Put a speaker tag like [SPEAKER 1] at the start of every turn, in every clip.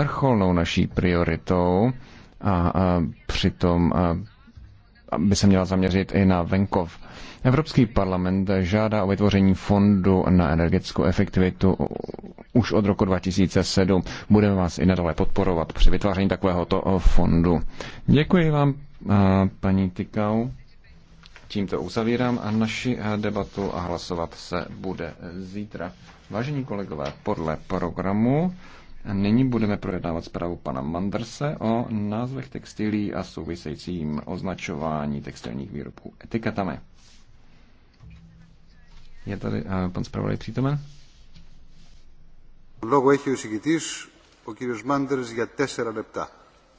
[SPEAKER 1] vrcholnou naší prioritou a, a přitom a, by se měla zaměřit i na venkov. Evropský parlament žádá o vytvoření fondu na energetickou efektivitu už od roku 2007. Budeme vás i nadále podporovat při vytváření takovéhoto fondu. Děkuji vám, paní Tykau. Tímto uzavírám a naši debatu a hlasovat se bude zítra. Vážení kolegové, podle programu Nyní budeme projednávat zprávu pana Mandrse o názvech textilí a souvisejícím označování textilních výrobků etiketami. Je tady uh, pan zpravodaj přítomen?
[SPEAKER 2] Logo έχει ο συγκητής, ο κύριος Μάντερς,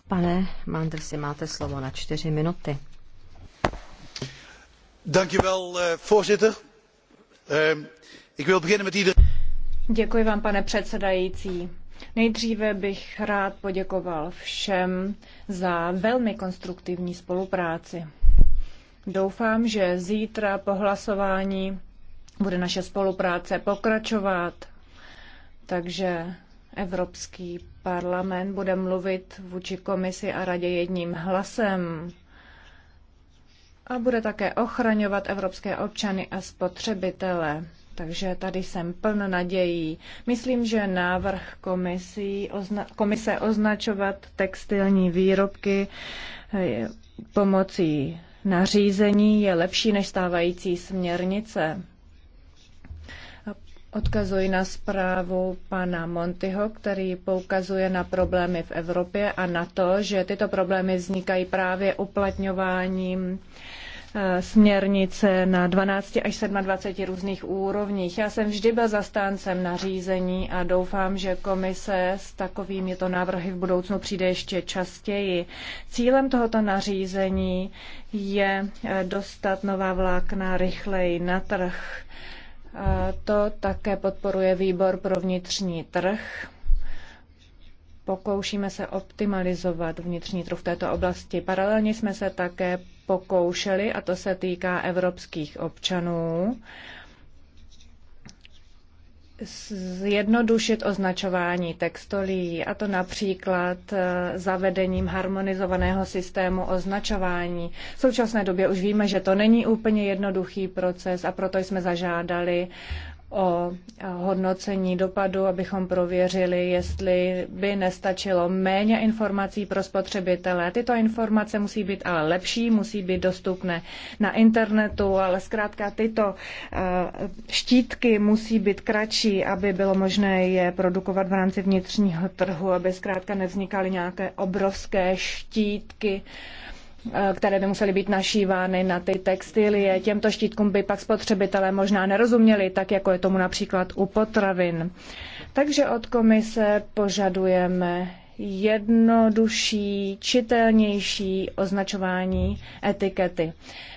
[SPEAKER 3] Pane Mandersi, máte slovo na čtyři minuty.
[SPEAKER 2] Eh, eh,
[SPEAKER 4] Děkuji vám, pane předsedající Nejdříve bych rád poděkoval všem za velmi konstruktivní spolupráci. Doufám, že zítra po hlasování bude naše spolupráce pokračovat, takže Evropský parlament bude mluvit vůči komisi a radě jedním hlasem a bude také ochraňovat evropské občany a spotřebitele. Takže tady jsem pln nadějí. Myslím, že návrh komisí, ozna, komise označovat textilní výrobky eh, pomocí nařízení je lepší než stávající směrnice. Odkazuji na zprávu pana Montyho, který poukazuje na problémy v Evropě a na to, že tyto problémy vznikají právě uplatňováním Eh, směrnice na 12 až 27 různých úrovních. Já jsem vždy byl zastáncem nařízení a doufám, že komise s takovými to návrhy v budoucnu přijde ještě častěji. Cílem tohoto nařízení je eh, dostat nová vlákna rychleji na trh. To také podporuje výbor pro vnitřní trh. Pokoušíme se optimalizovat vnitřní trh v této oblasti. Paralelně jsme se také pokoušeli, a to se týká evropských občanů, zjednodušit označování textolí, a to například eh, zavedením harmonizovaného systému označování. V současné době už víme, že to není úplně jednoduchý proces a proto jsme zažádali o hodnocení dopadu, abychom prověřili, jestli by nestačilo méně informací pro spotřebitele. Tyto informace musí být ale lepší, musí být dostupné na internetu, ale zkrátka tyto e, štítky musí být kratší, aby bylo možné je produkovat v rámci vnitřního trhu, aby zkrátka nevznikaly nějaké obrovské štítky Eh, které by musely být našívány na ty textilie. Těmto štítkům by pak spotřebitelé možná nerozuměli, tak jako je tomu například u potravin. Takže od komise požadujeme jednodušší, čitelnější označování etikety.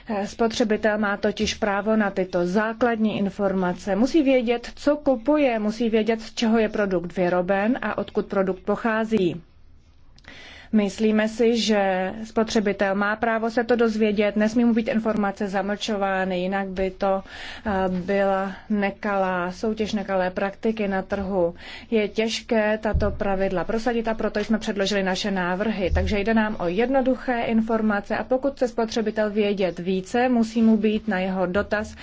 [SPEAKER 4] Eh, spotřebitel má totiž právo na tyto základní informace. Musí vědět, co kupuje, musí vědět, z čeho je produkt vyroben a odkud produkt pochází. Myslíme si, že spotřebitel má právo se to dozvědět, nesmí mu být informace zamlčovány, jinak by to eh, byla nekalá soutěž, nekalé praktiky na trhu. Je těžké tato pravidla prosadit a proto jsme předložili naše návrhy. Takže jde nám o jednoduché informace a pokud chce spotřebitel vědět více, musí mu být na jeho dotaz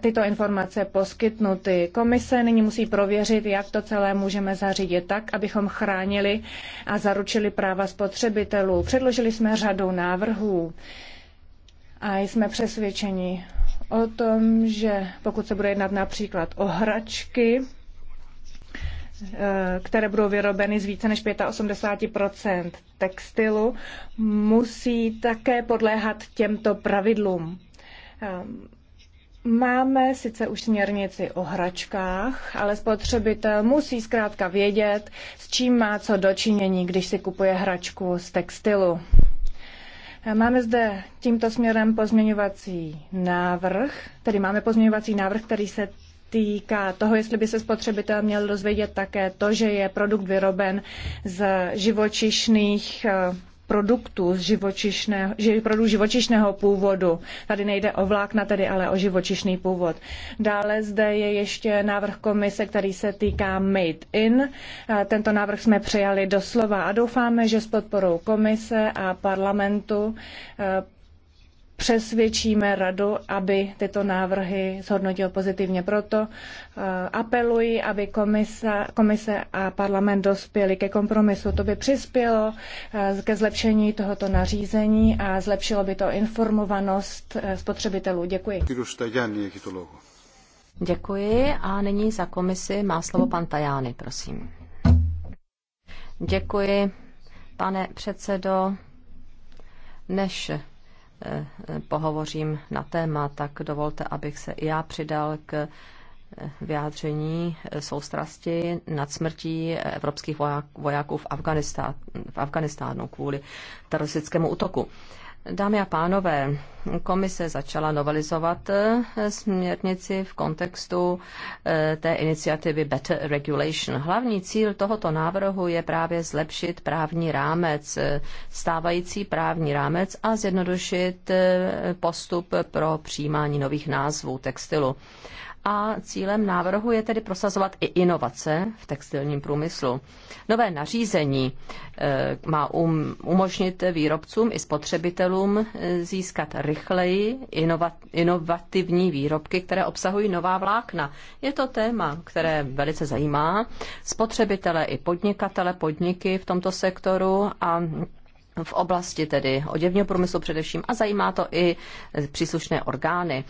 [SPEAKER 4] tyto informace poskytnuty. Komise nyní musí prověřit, jak to celé můžeme zařídit tak, abychom chránili a zaručili práva spotřebitelů spotřebitelů. Předložili jsme řadu návrhů a jsme přesvědčeni o tom, že pokud se bude jednat například o hračky, e, které budou vyrobeny z více než 85 textilu, musí také podléhat těmto pravidlům. Ehm, Máme sice už směrnici o hračkách, ale spotřebitel musí zkrátka vědět, s čím má co dočinění, když si kupuje hračku z textilu. Máme zde tímto směrem pozměňovací návrh, tedy máme pozměňovací návrh, který se týká toho, jestli by se spotřebitel měl dozvědět také to, že je produkt vyroben z živočišných eh, produktů z živočišného, živočišného původu. Tady nejde o vlákna, tedy ale o živočišný původ. Dále zde je ještě návrh komise, který se týká Made in. Tento návrh jsme přijali doslova a doufáme, že s podporou komise a parlamentu eh, přesvědčíme radu, aby tyto návrhy zhodnotil pozitivně. Proto eh, apeluji, aby komise a parlament dospěli ke kompromisu. To by přispělo eh, ke zlepšení tohoto nařízení a zlepšilo by to
[SPEAKER 3] informovanost eh, spotřebitelů. Děkuji. Děkuji a nyní za komisi má slovo pan Tajány, prosím. Děkuji, pane předsedo. Než Eh, pohovořím na téma, tak dovolte, abych se i já přidal k eh, vyjádření eh, soustrasti nad smrtí evropských vojáků v, Afganistánu kvůli teroristickému útoku. Dámy a pánové, komise začala novelizovat eh, směrnici v kontextu eh, té iniciativy Better Regulation. Hlavní cíl tohoto návrhu je právě zlepšit právní rámec, eh, stávající právní rámec a zjednodušit postup pro přijímání nových názvů textilu a cílem návrhu je tedy prosazovat i inovace v textilním průmyslu. Nové nařízení eh, má um, umožnit výrobcům i spotřebitelům eh, získat rychleji inovativní výrobky, které obsahují nová vlákna. Je to téma, které velice zajímá spotřebitele i podnikatele, podniky v tomto sektoru a v oblasti tedy oděvního průmyslu především a zajímá to i příslušné orgány.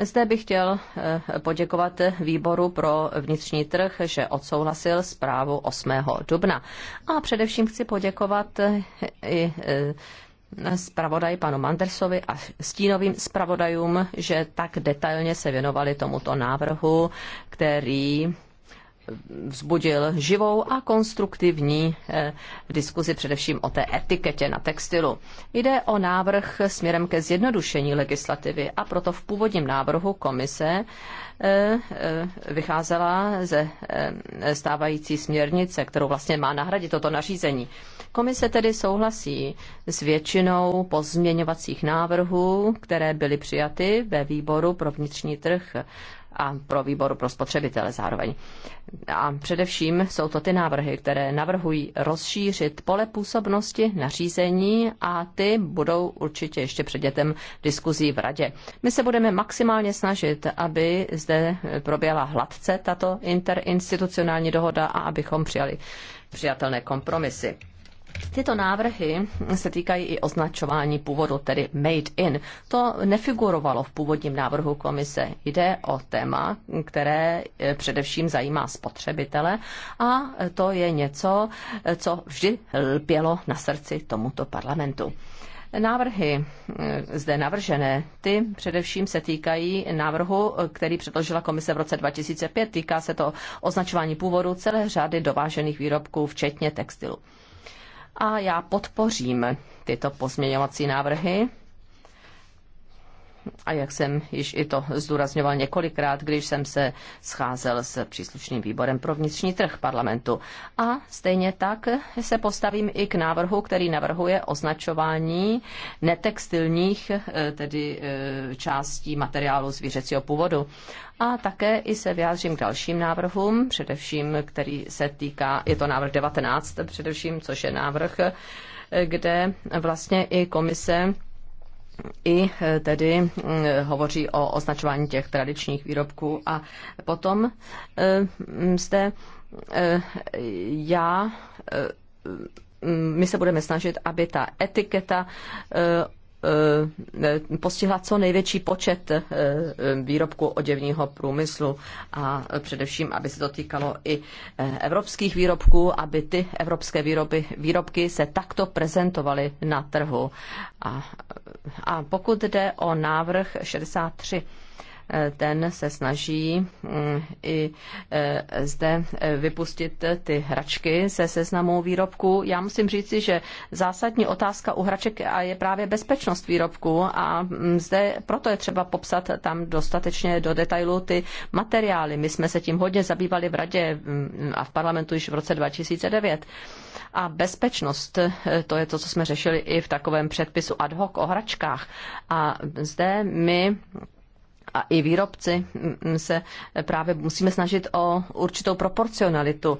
[SPEAKER 3] Zde bych chtěl eh, poděkovat výboru pro vnitřní trh, že odsouhlasil zprávu 8. dubna. A především chci poděkovat eh, i eh, zpravodaj panu Mandersovi a stínovým zpravodajům, že tak detailně se věnovali tomuto návrhu, který vzbudil živou a konstruktivní eh, diskuzi především o té etiketě na textilu. Jde o návrh směrem ke zjednodušení legislativy a proto v původním návrhu komise eh, eh, vycházela ze stávající směrnice, kterou vlastně má nahradit toto nařízení. Komise tedy souhlasí s většinou pozměňovacích návrhů, které byly přijaty ve výboru pro vnitřní trh a pro výboru pro spotřebitele zároveň. A především jsou to ty návrhy, které navrhují rozšířit pole působnosti nařízení a ty budou určitě ještě předmětem diskuzí v radě. My se budeme maximálně snažit, aby zde proběhla hladce tato interinstitucionální dohoda a abychom přijali přijatelné kompromisy. Tyto návrhy se týkají i označování původu, tedy made in. To nefigurovalo v původním návrhu komise. Jde o téma, které eh, především zajímá spotřebitele a to je něco, eh, co vždy lpělo na srdci tomuto parlamentu. Návrhy eh, zde navržené, ty především se týkají návrhu, který předložila komise v roce 2005. Týká se to označování původu celé řady dovážených výrobků, včetně textilu a já podpořím tyto pozměňovací návrhy a jak jsem již i to zdůrazňoval několikrát, když jsem se scházel s příslušným výborem pro vnitřní trh parlamentu. A stejně tak se postavím i k návrhu, který navrhuje označování netextilních eh, tedy eh, částí materiálu zvířecího původu. A také i se vyjádřím k dalším návrhům, především, který se týká, je to návrh 19 především, což je návrh, eh, kde vlastně i komise i eh, tedy mm, hovoří o označování těch tradičních výrobků. A potom eh, mm, zde eh, já mm, my se budeme snažit, aby ta etiketa Eh, postihla co největší počet eh, výrobků oděvního průmyslu a především, aby se to týkalo i eh, evropských výrobků, aby ty evropské výroby, výrobky se takto prezentovaly na trhu. A, a pokud jde o návrh 63, ten se snaží mm, i e, zde e, vypustit ty hračky se seznamu výrobku. Já musím říci, že zásadní otázka u hraček je právě bezpečnost výrobku a mm, zde proto je třeba popsat tam dostatečně do detailu ty materiály. My jsme se tím hodně zabývali v radě mm, a v parlamentu již v roce 2009. A bezpečnost, e, to je to, co jsme řešili i v takovém předpisu ad hoc o hračkách. A zde my a i výrobci mm, mm, se právě musíme snažit o určitou proporcionalitu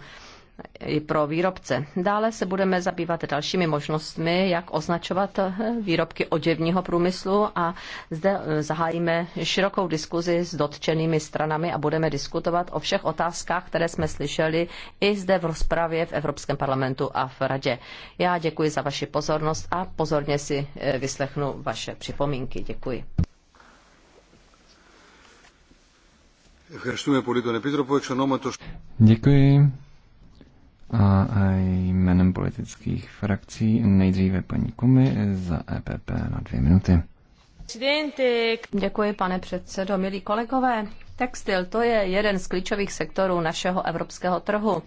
[SPEAKER 3] i pro výrobce. Dále se budeme zabývat dalšími možnostmi, jak označovat eh, výrobky oděvního průmyslu a zde eh, zahájíme širokou diskuzi s dotčenými stranami a budeme diskutovat o všech otázkách, které jsme slyšeli i zde v rozpravě v Evropském parlamentu a v Radě. Já děkuji za vaši pozornost a pozorně si eh, vyslechnu vaše připomínky. Děkuji.
[SPEAKER 1] Děkuji. A jménem politických frakcí nejdříve paní Kumy za EPP na dvě minuty.
[SPEAKER 3] Děkuji, pane předsedo, milí kolegové. Textil to je jeden z klíčových sektorů našeho evropského trhu.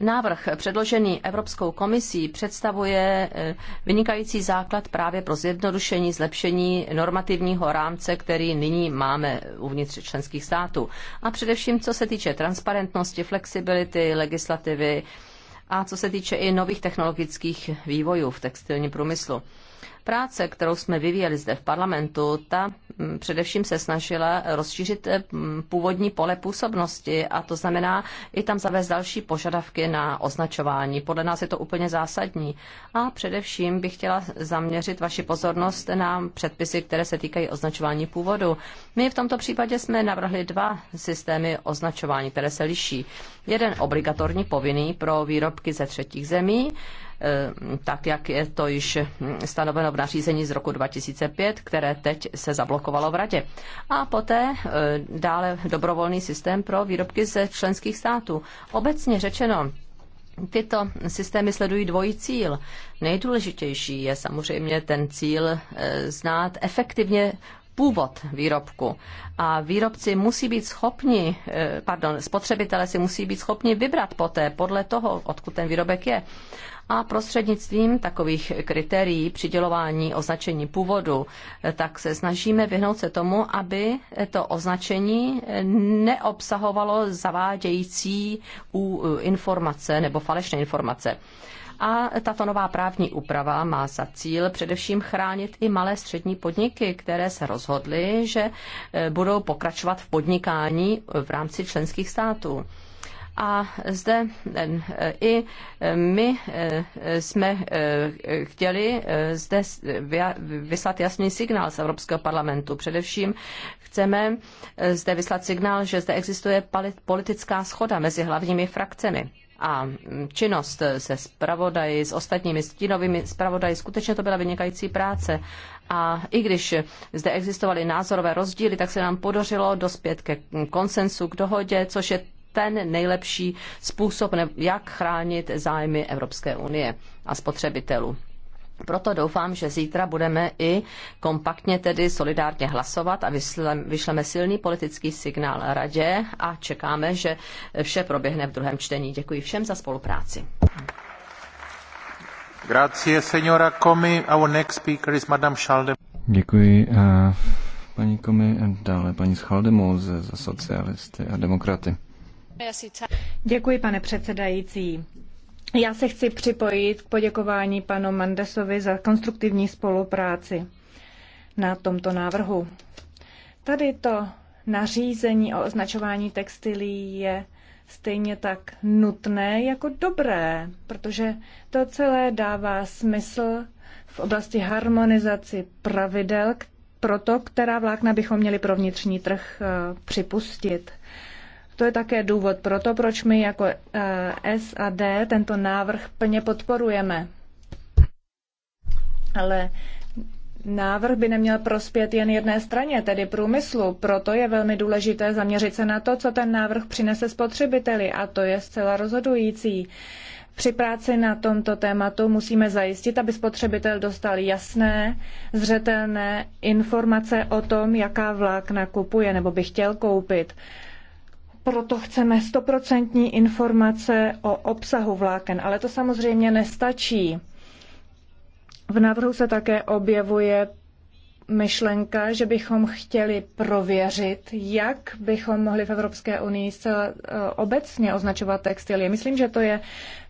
[SPEAKER 3] Návrh předložený Evropskou komisí představuje eh, vynikající základ právě pro zjednodušení, zlepšení normativního rámce, který nyní máme uvnitř členských států. A především, co se týče transparentnosti, flexibility, legislativy a co se týče i nových technologických vývojů v textilním průmyslu. Práce, kterou jsme vyvíjeli zde v parlamentu, ta mm, především se snažila rozšířit eh, mm, původní pole působnosti a to znamená i tam zavést další požadavky na označování. Podle nás je to úplně zásadní. A především bych chtěla zaměřit vaši pozornost na předpisy, které se týkají označování původu. My v tomto případě jsme navrhli dva systémy označování, které se liší. Jeden obligatorní povinný pro výrobky ze třetích zemí, Eh, tak jak je to již stanoveno v nařízení z roku 2005, které teď se zablokovalo v Radě. A poté eh, dále dobrovolný systém pro výrobky ze členských států. Obecně řečeno, Tyto systémy sledují dvojí cíl. Nejdůležitější je samozřejmě ten cíl eh, znát efektivně původ výrobku. A výrobci musí být schopni, eh, pardon, spotřebitelé si musí být schopni vybrat poté podle toho, odkud ten výrobek je. A prostřednictvím takových kritérií přidělování označení původu, eh, tak se snažíme vyhnout se tomu, aby to označení eh, neobsahovalo zavádějící informace nebo falešné informace. A tato nová právní úprava má za cíl především chránit i malé střední podniky, které se rozhodly, že e, budou pokračovat v podnikání v rámci členských států. A zde e, e, i my jsme chtěli zde vyslat jasný signál z Evropského parlamentu. Především chceme zde vyslat signál, že zde existuje politická schoda mezi hlavními frakcemi a činnost se zpravodaji, s ostatními stínovými zpravodaji, skutečně to byla vynikající práce. A i když zde existovaly názorové rozdíly, tak se nám podařilo dospět ke konsensu, k dohodě, což je ten nejlepší způsob, jak chránit zájmy Evropské unie a spotřebitelů. Proto doufám, že zítra budeme i kompaktně, tedy solidárně hlasovat a vyšleme silný politický signál radě a čekáme, že vše proběhne v druhém čtení. Děkuji všem za spolupráci.
[SPEAKER 1] Grazie, signora Comi. Our next speaker is Madame Schalde. Děkuji, eh, paní Komi. Dále paní Schaldemouze za socialisty a demokraty.
[SPEAKER 4] Děkuji, pane předsedající já se chci připojit k poděkování panu Mandesovi za konstruktivní spolupráci na tomto návrhu. Tady to nařízení o označování textilí je stejně tak nutné jako dobré, protože to celé dává smysl v oblasti harmonizaci pravidel pro to, která vlákna bychom měli pro vnitřní trh eh, připustit. To je také důvod pro to, proč my jako eh, SAD tento návrh plně podporujeme. Ale návrh by neměl prospět jen jedné straně, tedy průmyslu. Proto je velmi důležité zaměřit se na to, co ten návrh přinese spotřebiteli a to je zcela rozhodující. Při práci na tomto tématu musíme zajistit, aby spotřebitel dostal jasné, zřetelné informace o tom, jaká vlákna kupuje nebo by chtěl koupit proto chceme stoprocentní informace o obsahu vláken, ale to samozřejmě nestačí. V návrhu se také objevuje myšlenka, že bychom chtěli prověřit, jak bychom mohli v Evropské unii zcela eh, obecně označovat textilie. Myslím, že to je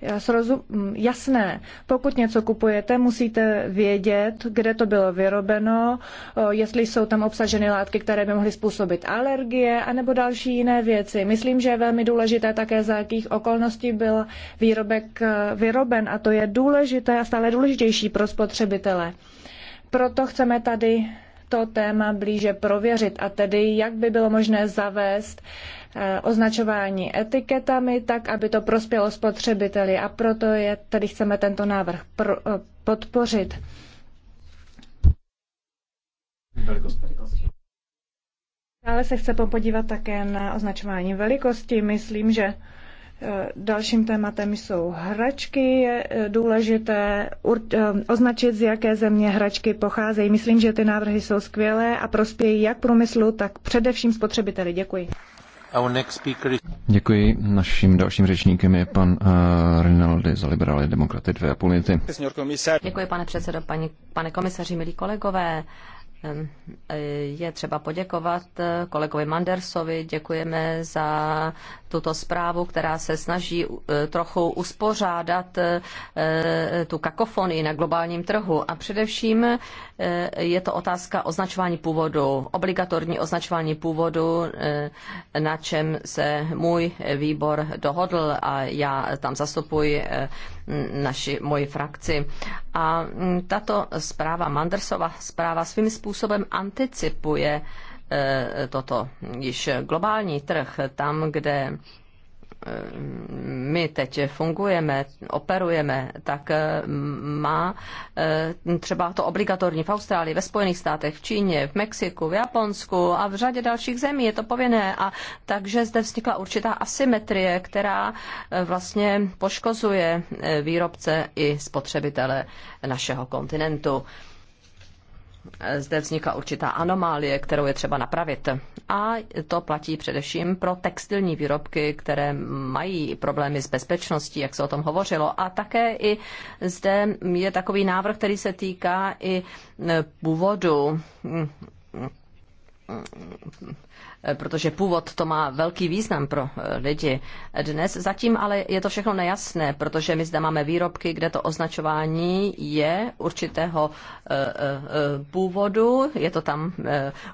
[SPEAKER 4] eh, mm, jasné. Pokud něco kupujete, musíte vědět, kde to bylo vyrobeno, eh, jestli jsou tam obsaženy látky, které by mohly způsobit alergie, anebo další jiné věci. Myslím, že je velmi důležité také, za jakých okolností byl výrobek vyroben a to je důležité a stále důležitější pro spotřebitele. Proto chceme tady to téma blíže prověřit, a tedy jak by bylo možné zavést eh, označování etiketami, tak aby to prospělo spotřebiteli. A proto je, tady chceme tento návrh pro, eh, podpořit. Velikost. Dále se chce podívat také na označování velikosti. Myslím, že Eh, dalším tématem jsou hračky. Je eh, důležité eh, označit, z jaké země hračky pocházejí. Myslím, že ty návrhy jsou skvělé a prospějí jak průmyslu, tak především spotřebiteli. Děkuji.
[SPEAKER 1] Děkuji. Naším dalším řečníkem je pan uh, Rinaldi za liberály demokraty 2,5 minuty.
[SPEAKER 3] Děkuji, pane předsedo, paní, pane komisaři, milí kolegové. Uh, Eh, je třeba poděkovat eh, kolegovi Mandersovi. Děkujeme za tuto zprávu, která se snaží eh, trochu uspořádat tu kakofonii na globálním trhu. A především je to otázka označování původu, obligatorní označování původu, na čem se můj výbor dohodl a já tam zastupuji naši, moji frakci. A mm, tato zpráva, Mandersova zpráva, svým způsobem anticipuje e, toto již globální trh, tam, kde my teď fungujeme, operujeme, tak eh, má eh, třeba to obligatorní v Austrálii, ve Spojených státech, v Číně, v Mexiku, v Japonsku a v řadě dalších zemí je to povinné. A takže zde vznikla určitá asymetrie, která eh, vlastně poškozuje výrobce i spotřebitele našeho kontinentu zde vznikla určitá anomálie, kterou je třeba napravit. A to platí především pro textilní výrobky, které mají problémy s bezpečností, jak se o tom hovořilo. A také i zde je takový návrh, který se týká i původu Eh, protože původ to má velký význam pro eh, lidi. Dnes zatím ale je to všechno nejasné, protože my zde máme výrobky, kde to označování je určitého eh, původu, je to tam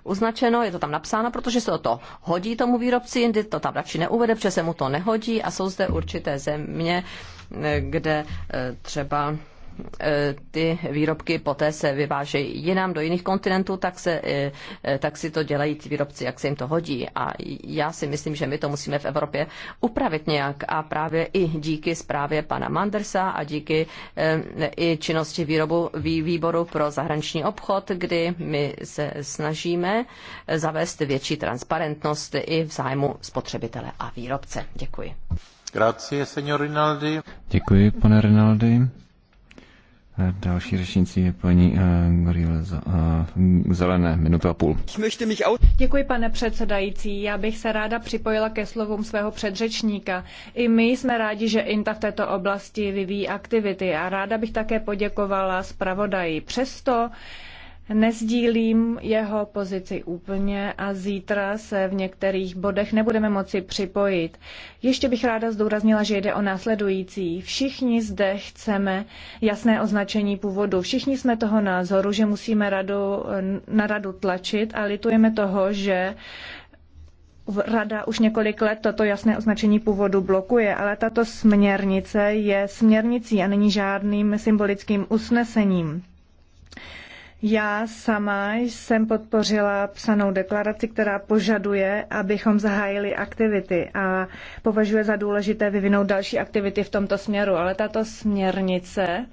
[SPEAKER 3] uznačeno, je to tam napsáno, protože se to hodí tomu výrobci, jindy to tam radši neuvede, protože se mu to nehodí a jsou zde určité země, kde třeba E, ty výrobky poté se vyvážejí jinam do jiných kontinentů, tak, se, e, e, tak si to dělají ty výrobci, jak se jim to hodí. A já si myslím, že my to musíme v Evropě upravit nějak. A právě i díky zprávě pana Mandersa a díky i činnosti výrobu, výboru pro zahraniční obchod, kdy my se snažíme zavést větší transparentnost i v zájmu spotřebitele a výrobce. Děkuji.
[SPEAKER 2] Grazie, signor Rinaldi.
[SPEAKER 1] Děkuji, pane Rinaldi. Další řečnicí je paní uh, eh, Goril uh, eh, Zelené, minuta a půl.
[SPEAKER 4] Děkuji, pane předsedající. Já bych se ráda připojila ke slovům svého předřečníka. I my jsme rádi, že INTA v této oblasti vyvíjí aktivity a ráda bych také poděkovala zpravodaji. Přesto uh, Nezdílím jeho pozici úplně a zítra se v některých bodech nebudeme moci připojit. Ještě bych ráda zdůraznila, že jde o následující. Všichni zde chceme jasné označení původu. Všichni jsme toho názoru, že musíme radu, na radu tlačit a litujeme toho, že Rada už několik let toto jasné označení původu blokuje, ale tato směrnice je směrnicí a není žádným symbolickým usnesením. Já sama jsem podpořila psanou deklaraci, která požaduje, abychom zahájili aktivity a považuje za důležité vyvinout další aktivity v tomto směru. Ale tato směrnice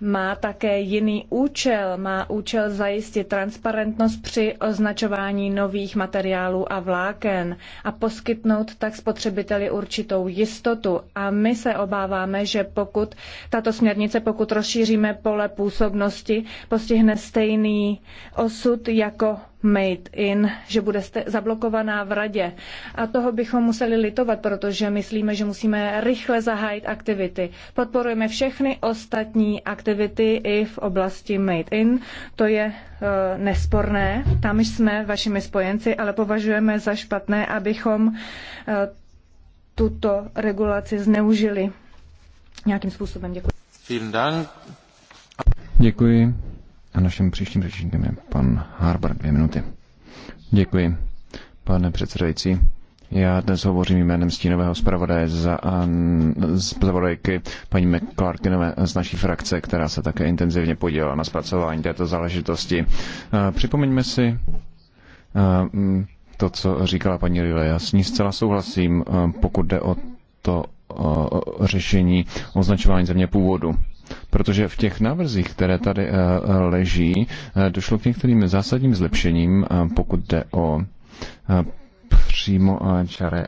[SPEAKER 4] má také jiný účel. Má účel zajistit transparentnost při označování nových materiálů a vláken a poskytnout tak spotřebiteli určitou jistotu. A my se obáváme, že pokud tato směrnice, pokud rozšíříme pole působnosti, postihne stejný osud jako Made in, že bude zablokovaná v radě. A toho bychom museli litovat, protože myslíme, že musíme rychle zahájit aktivity. Podporujeme všechny ostatní aktivity i v oblasti Made in. To je e, nesporné. Tam jsme vašimi spojenci, ale považujeme za špatné, abychom e, tuto regulaci zneužili nějakým způsobem. Děkuji.
[SPEAKER 1] Děkuji. A naším příštím řečníkem je pan Harbor, dvě minuty. Děkuji, pane předsedající. Já dnes hovořím jménem stínového zpravodaje za, zpravodajky paní McClarkinové z naší frakce, která se také intenzivně podílela na zpracování této záležitosti. Připomeňme si to, co říkala paní Rile. Já s ní zcela souhlasím, pokud jde o to o řešení označování země původu. Protože v těch návrzích, které tady eh, leží, eh, došlo k některým zásadním zlepšením, eh, pokud jde o přímo čaré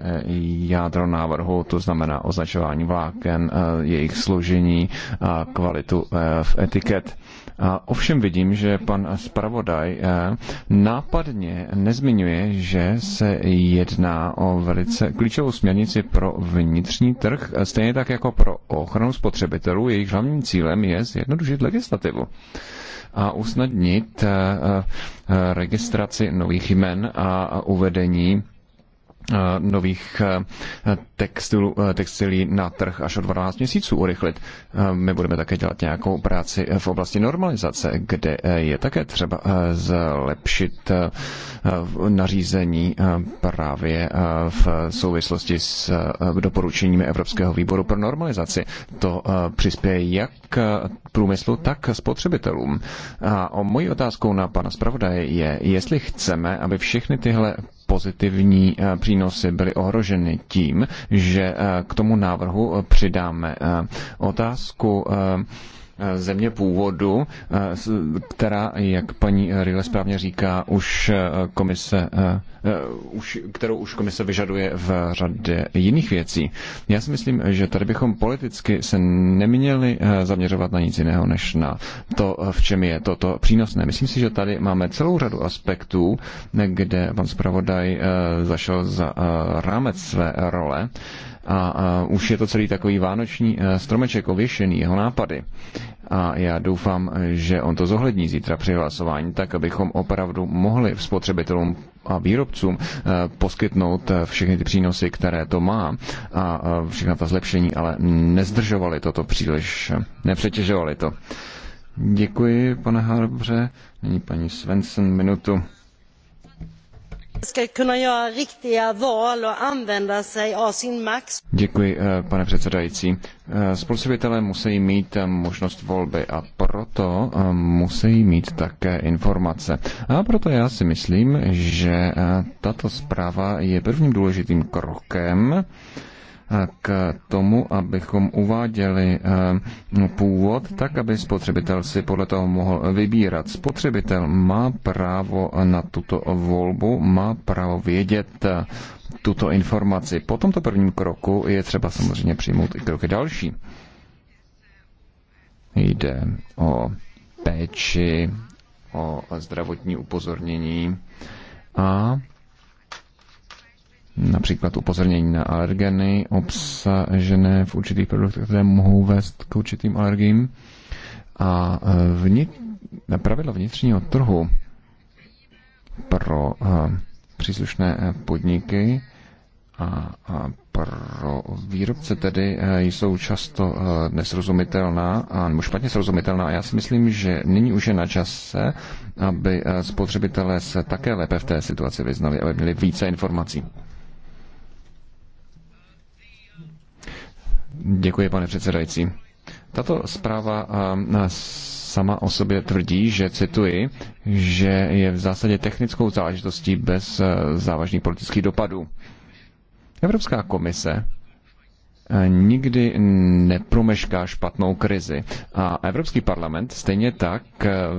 [SPEAKER 1] jádro návrhu, to znamená označování vláken, jejich složení a kvalitu v etiket. A ovšem vidím, že pan zpravodaj eh, nápadně nezmiňuje, že se jedná o velice klíčovou směrnici pro vnitřní trh, stejně tak jako pro ochranu spotřebitelů. Jejich hlavním cílem je zjednodušit legislativu a usnadnit eh, eh, registraci nových jmen a uvedení Eh, nových eh, textilů, eh, textilí na trh až o 12 měsíců urychlit. My budeme také dělat nějakou práci v oblasti normalizace, kde je také třeba zlepšit nařízení právě v souvislosti s doporučeními Evropského výboru pro normalizaci. To přispěje jak průmyslu, tak spotřebitelům. A o mojí otázkou na pana zpravodaje je, jestli chceme, aby všechny tyhle pozitivní eh, přínosy byly ohroženy tím, že eh, k tomu návrhu eh, přidáme otázku Eh, země původu, eh, která, jak paní Rile správně říká, už eh, komise, už, kterou už komise vyžaduje v řadě jiných věcí. Já si myslím, že tady bychom politicky se neměli zaměřovat na nic jiného, než na to, v čem je toto přínosné. Myslím si, že tady máme celou řadu aspektů, kde pan zpravodaj zašel za rámec své role a, a už je to celý takový vánoční eh, stromeček ověšený, jeho nápady. A já doufám, že on to zohlední zítra při hlasování, tak abychom opravdu mohli spotřebitelům a výrobcům eh, poskytnout eh, všechny ty přínosy, které to má a všechna ta zlepšení, ale nezdržovali toto příliš, nepřetěžovali to. Děkuji, pane Harbře. Nyní paní Svensson minutu. Děkuji, pane předsedající. Eh, Spotřebitelé musí mít eh, možnost volby a proto eh, musí mít také informace. A proto já si myslím, že tato zpráva je prvním důležitým krokem, Eh, k tomu, abychom uváděli eh, původ, tak aby spotřebitel si podle toho mohl vybírat. Spotřebitel má právo na tuto volbu, má právo vědět eh, tuto informaci. Po tomto prvním kroku je třeba samozřejmě přijmout i kroky další. Jde o péči, o zdravotní upozornění a například upozornění na alergeny obsažené v určitých produktech, které mohou vést k určitým alergím. A e, vnit, pravidla vnitřního trhu pro e, příslušné e, podniky a, a pro výrobce tedy jsou často nesrozumitelná a nebo špatně srozumitelná. A já si myslím, že nyní už je na čase, aby spotřebitelé se také lépe v té situaci vyznali, aby měli více informací. Děkuji, pane předsedající. Tato zpráva sama o sobě tvrdí, že cituji, že je v zásadě technickou záležitostí bez závažných politických dopadů. Evropská komise nikdy nepromešká špatnou krizi. A Evropský parlament stejně tak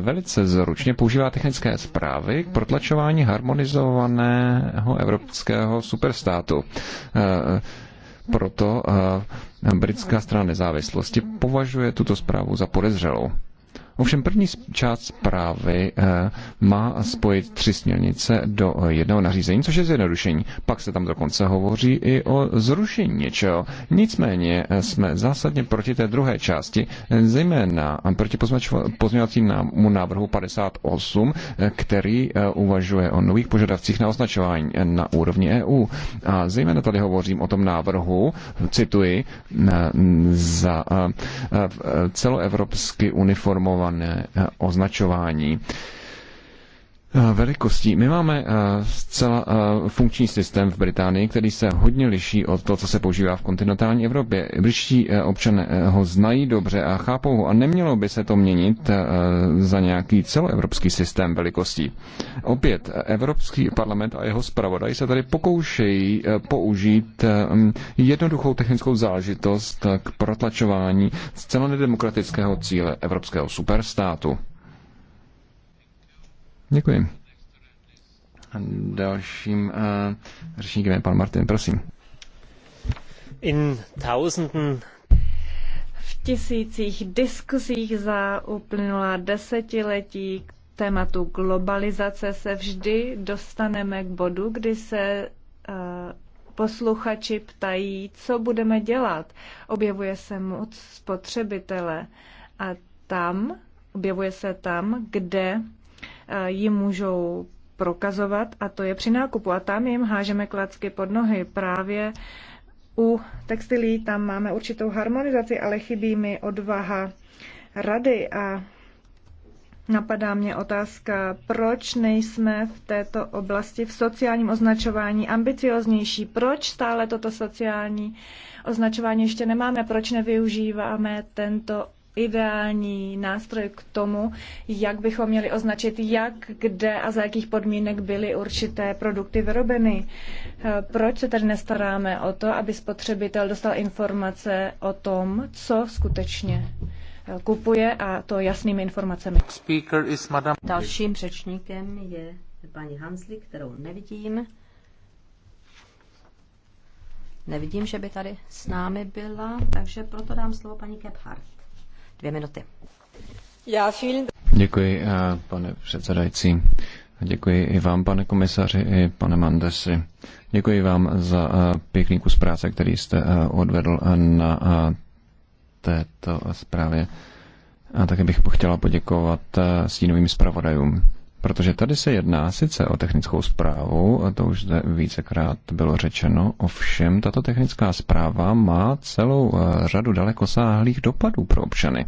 [SPEAKER 1] velice zručně používá technické zprávy k protlačování harmonizovaného evropského superstátu. Proto eh, britská strana nezávislosti považuje tuto zprávu za podezřelou. Ovšem první část zprávy eh, má spojit tři směrnice do eh, jednoho nařízení, což je zjednodušení. Pak se tam dokonce hovoří i o zrušení něčeho. Nicméně eh, jsme zásadně proti té druhé části, zejména proti pozměňovacímu návrhu 58, který uvažuje o nových požadavcích na označování na úrovni EU. A zejména tady hovořím o tom návrhu, cituji, za celoevropsky uniformovaný Eh, označování. Eh, velikostí. My máme eh, zcela eh, funkční systém v Británii, který se hodně liší od toho, co se používá v kontinentální Evropě. Britští občané ho znají dobře a chápou ho a nemělo by se to měnit za nějaký celoevropský systém velikostí. Opět, Evropský parlament a jeho zpravodaj se tady pokoušejí použít jednoduchou technickou záležitost k protlačování zcela nedemokratického cíle evropského superstátu. Děkuji. A dalším uh, řečníkem je pan Martin, prosím.
[SPEAKER 4] In tausenden v tisících diskuzích za uplynulá desetiletí k tématu globalizace se vždy dostaneme k bodu, kdy se uh, posluchači ptají, co budeme dělat. Objevuje se moc spotřebitele a tam, objevuje se tam, kde Eh, ji můžou prokazovat a to je při nákupu. A tam jim hážeme klacky pod nohy právě u textilí tam máme určitou harmonizaci, ale chybí mi odvaha rady a napadá mě otázka, proč nejsme v této oblasti v sociálním označování ambicioznější, proč stále toto sociální označování ještě nemáme, proč nevyužíváme tento ideální nástroj k tomu, jak bychom měli označit, jak, kde a za jakých podmínek byly určité produkty vyrobeny. Eh, proč se tady nestaráme o to, aby spotřebitel dostal informace o tom, co skutečně eh, kupuje
[SPEAKER 3] a to jasnými informacemi. Dalším řečníkem je paní Hansli, kterou nevidím. Nevidím, že by tady s námi byla, takže proto dám slovo paní Gebhardt. Dvě minuty.
[SPEAKER 1] Děkuji, eh, pane předsedající. Děkuji i vám, pane komisaři, i pane Mandesi. Děkuji vám za eh, pěkný kus práce, který jste eh, odvedl na této zprávě. A také bych chtěla poděkovat stínovým zpravodajům. Protože tady se jedná sice o technickou zprávu, a to už zde vícekrát bylo řečeno, ovšem tato technická zpráva má celou eh, řadu dalekosáhlých dopadů pro občany.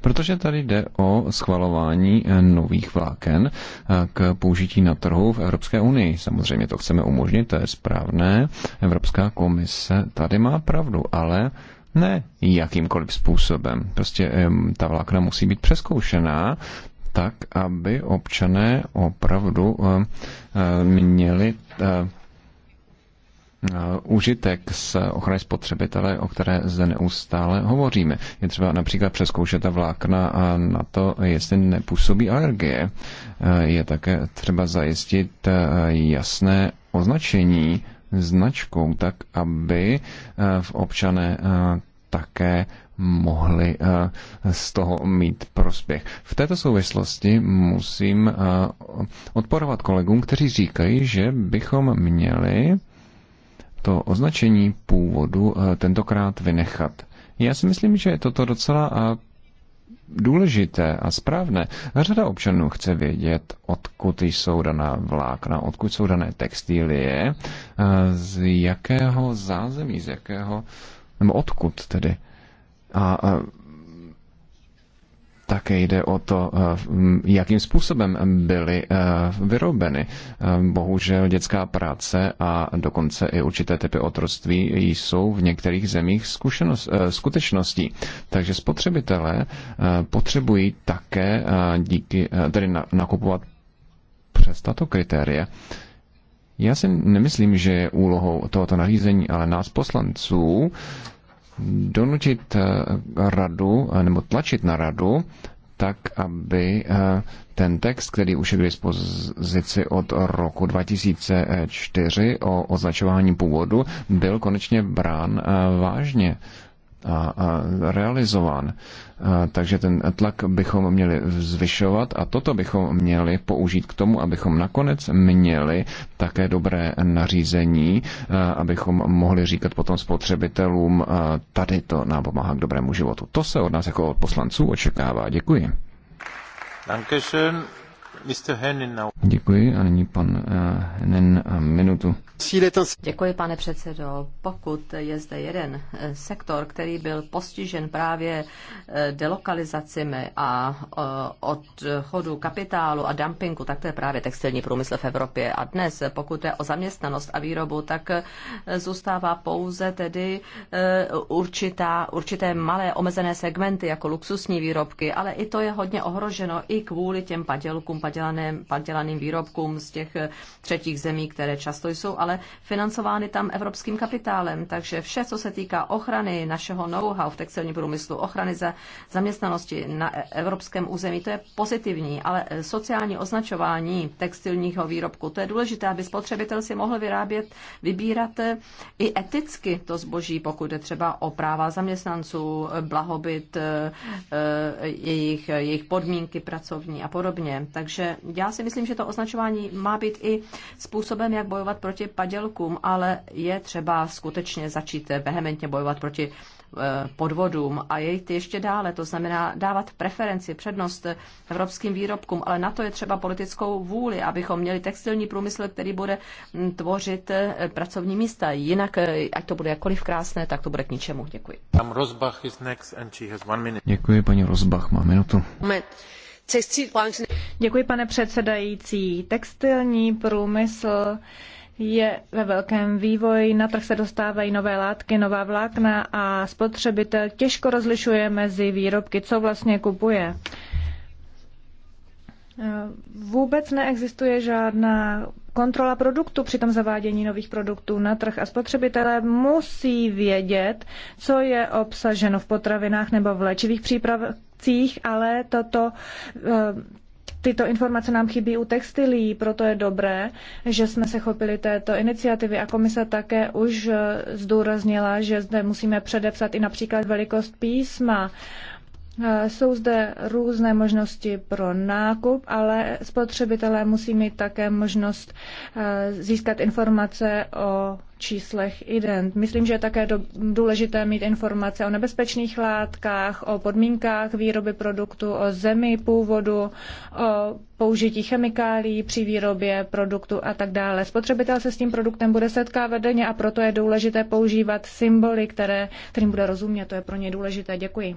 [SPEAKER 1] Protože tady jde o schvalování eh, nových vláken eh, k použití na trhu v Evropské unii. Samozřejmě to chceme umožnit, to je správné. Evropská komise tady má pravdu, ale ne jakýmkoliv způsobem. Prostě ta vlákna musí být přeskoušená tak, aby občané opravdu eh, eh, měli eh, užitek z ochrany spotřebitele, o které zde neustále hovoříme. Je třeba například přeskoušet ta vlákna a na to, jestli nepůsobí alergie. Je také třeba zajistit jasné označení značkou, tak aby v občané také mohli eh, z toho mít prospěch. V této souvislosti musím eh, odporovat kolegům, kteří říkají, že bychom měli to označení původu eh, tentokrát vynechat. Já si myslím, že je toto docela důležité a správné. Řada občanů chce vědět, odkud jsou daná vlákna, odkud jsou dané textilie, z jakého zázemí, z jakého nebo odkud tedy. A, a také jde o to, jakým způsobem byly vyrobeny. Bohužel dětská práce a dokonce i určité typy otroctví jsou v některých zemích zkušenost, skutečností. Takže spotřebitelé potřebují také díky, tedy nakupovat přes tato kritéria. Já si nemyslím, že je úlohou tohoto nařízení, ale nás poslanců donutit eh, radu eh, nebo tlačit na radu, tak aby eh, ten text, který už je k dispozici od roku 2004 o označování původu, byl konečně brán vážně a, a realizován. A, takže ten tlak bychom měli zvyšovat a toto bychom měli použít k tomu, abychom nakonec měli také dobré nařízení, a, abychom mohli říkat potom spotřebitelům, a, tady to nám pomáhá k dobrému životu. To se od nás jako od poslanců očekává. Děkuji. Dankeschön. Děkuji a nyní pan uh, eh, Henin a eh, minutu.
[SPEAKER 3] Děkuji, pane předsedo. Pokud je zde jeden eh, sektor, který byl postižen právě delokalizacemi a odchodu kapitálu a dumpingu, tak to je právě textilní průmysl v Evropě. A dnes, pokud je o zaměstnanost a výrobu, tak zůstává pouze tedy určitá, určité malé omezené segmenty, jako luxusní výrobky, ale i to je hodně ohroženo i kvůli těm padělkům, padělkům padělaným, padělaným výrobkům z těch eh, třetích zemí, které často jsou ale financovány tam evropským kapitálem. Takže vše, co se týká ochrany našeho know-how v textilním průmyslu, ochrany za zaměstnanosti na e, evropském území, to je pozitivní, ale eh, sociální označování textilního výrobku, to je důležité, aby spotřebitel si mohl vyrábět, vybírat eh, i eticky to zboží, pokud je třeba o práva zaměstnanců, blahobyt, jejich, jejich podmínky pracovní a podobně. Takže takže já si myslím, že to označování má být i způsobem, jak bojovat proti padělkům, ale je třeba skutečně začít vehementně bojovat proti eh, podvodům a jejít ještě dále, to znamená dávat preferenci, přednost evropským výrobkům, ale na to je třeba politickou vůli, abychom měli textilní průmysl, který bude hm, tvořit eh, pracovní místa. Jinak, eh, ať to bude jakkoliv krásné, tak to bude k ničemu. Děkuji.
[SPEAKER 1] Děkuji, paní Rozbach, má minutu.
[SPEAKER 4] Moment. Děkuji, pane předsedající. Textilní průmysl je ve velkém vývoji, na trh se dostávají nové látky, nová vlákna a spotřebitel těžko rozlišuje mezi výrobky, co vlastně kupuje. Vůbec neexistuje žádná kontrola produktu při tom zavádění nových produktů na trh a spotřebitelé musí vědět, co je obsaženo v potravinách nebo v léčivých přípravcích cích, ale toto, eh, tyto informace nám chybí u textilí, proto je dobré, že jsme se chopili této iniciativy a komise také už eh, zdůraznila, že zde musíme předepsat i například velikost písma Eh, jsou zde různé možnosti pro nákup, ale spotřebitelé musí mít také možnost eh, získat informace o číslech ident. Myslím, že je také důležité mít informace o nebezpečných látkách, o podmínkách výroby produktu, o zemi původu, o použití chemikálií při výrobě produktu a tak dále. Spotřebitel se s tím produktem bude setkávat denně a proto je důležité používat symboly, které, kterým bude rozumět. To je pro ně důležité. Děkuji.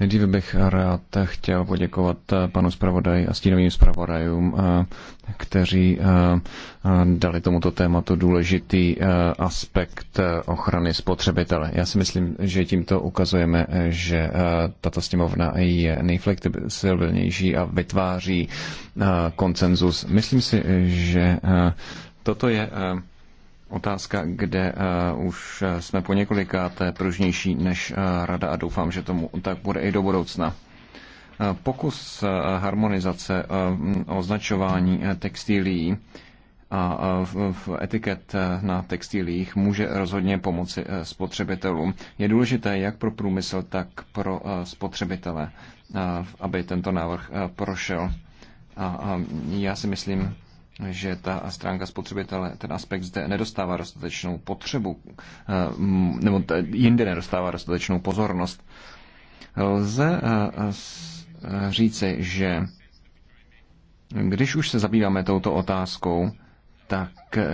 [SPEAKER 1] Nejdříve bych rád chtěl poděkovat eh, panu zpravodaji a stínovým zpravodajům, eh, kteří eh, dali tomuto tématu důležitý aspekt ochrany spotřebitele. Já si myslím, že tímto ukazujeme, že tato sněmovna je nejflexibilnější a vytváří koncenzus. Myslím si, že toto je otázka, kde uh, už eh, jsme po několikáté pružnější než uh, rada a doufám, že tomu tak bude i do budoucna. Pokus harmonizace označování textilí a v etiket na textilích může rozhodně pomoci spotřebitelům. Je důležité jak pro průmysl, tak pro spotřebitele, aby tento návrh prošel. A já si myslím, že ta stránka spotřebitele, ten aspekt zde nedostává dostatečnou potřebu, eh, nebo jinde nedostává dostatečnou pozornost. Lze eh, eh, říci, že když už se zabýváme touto otázkou, tak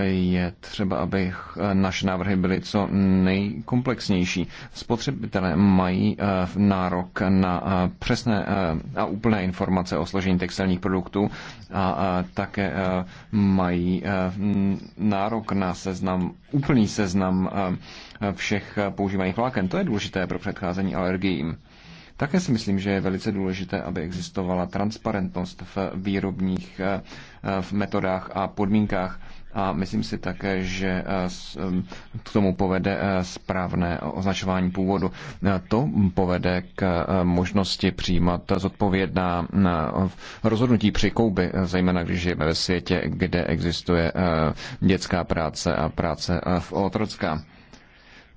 [SPEAKER 1] je třeba, aby eh, naše návrhy byly co nejkomplexnější. Spotřebitelé mají eh, nárok na eh, přesné a úplné informace o složení textilních produktů a také mají nárok na seznam, úplný seznam všech používaných vláken. To je důležité pro předcházení alergiím. Také si myslím, že je velice důležité, aby existovala transparentnost v výrobních eh, eh, v metodách a podmínkách. A myslím si také, že eh, k tomu povede správné označování původu. To povede k možnosti přijímat zodpovědná rozhodnutí při kouby, zejména když žijeme ve světě, kde existuje dětská práce a práce v otrocká.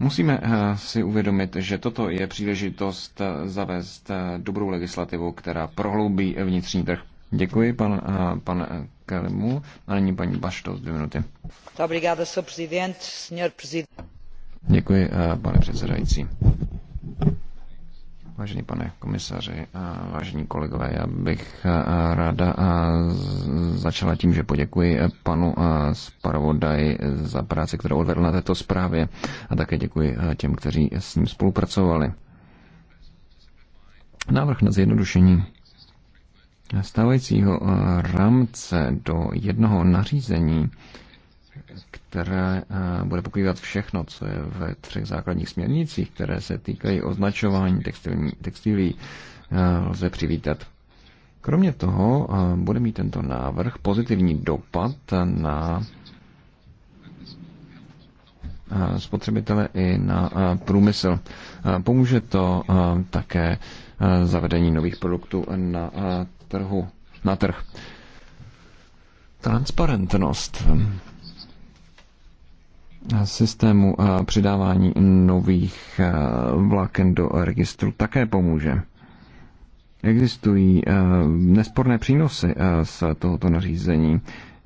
[SPEAKER 1] Musíme eh, si uvědomit, že toto je příležitost eh, zavést eh, dobrou legislativu, která prohloubí vnitřní trh. Děkuji, pan, pan Kelemu. A nyní paní Bašto dvě minuty. Děkuji, pane předsedající. Vážený pane komisaři, eh, vážení kolegové, já bych eh, ráda eh, začala tím, že poděkuji panu Sparovodaj za práci, kterou odvedl na této zprávě a také děkuji těm, kteří s ním spolupracovali. Návrh na zjednodušení stávajícího rámce do jednoho nařízení které eh, bude pokrývat všechno, co je ve třech základních směrnicích, které se týkají označování textilní, textilí, eh, lze přivítat. Kromě toho eh, bude mít tento návrh pozitivní dopad na spotřebitele i na průmysl. Pomůže to také zavedení nových produktů na trhu, na trh. Transparentnost systému eh, přidávání nových eh, vláken do registru také pomůže. Existují eh, nesporné přínosy z tohoto nařízení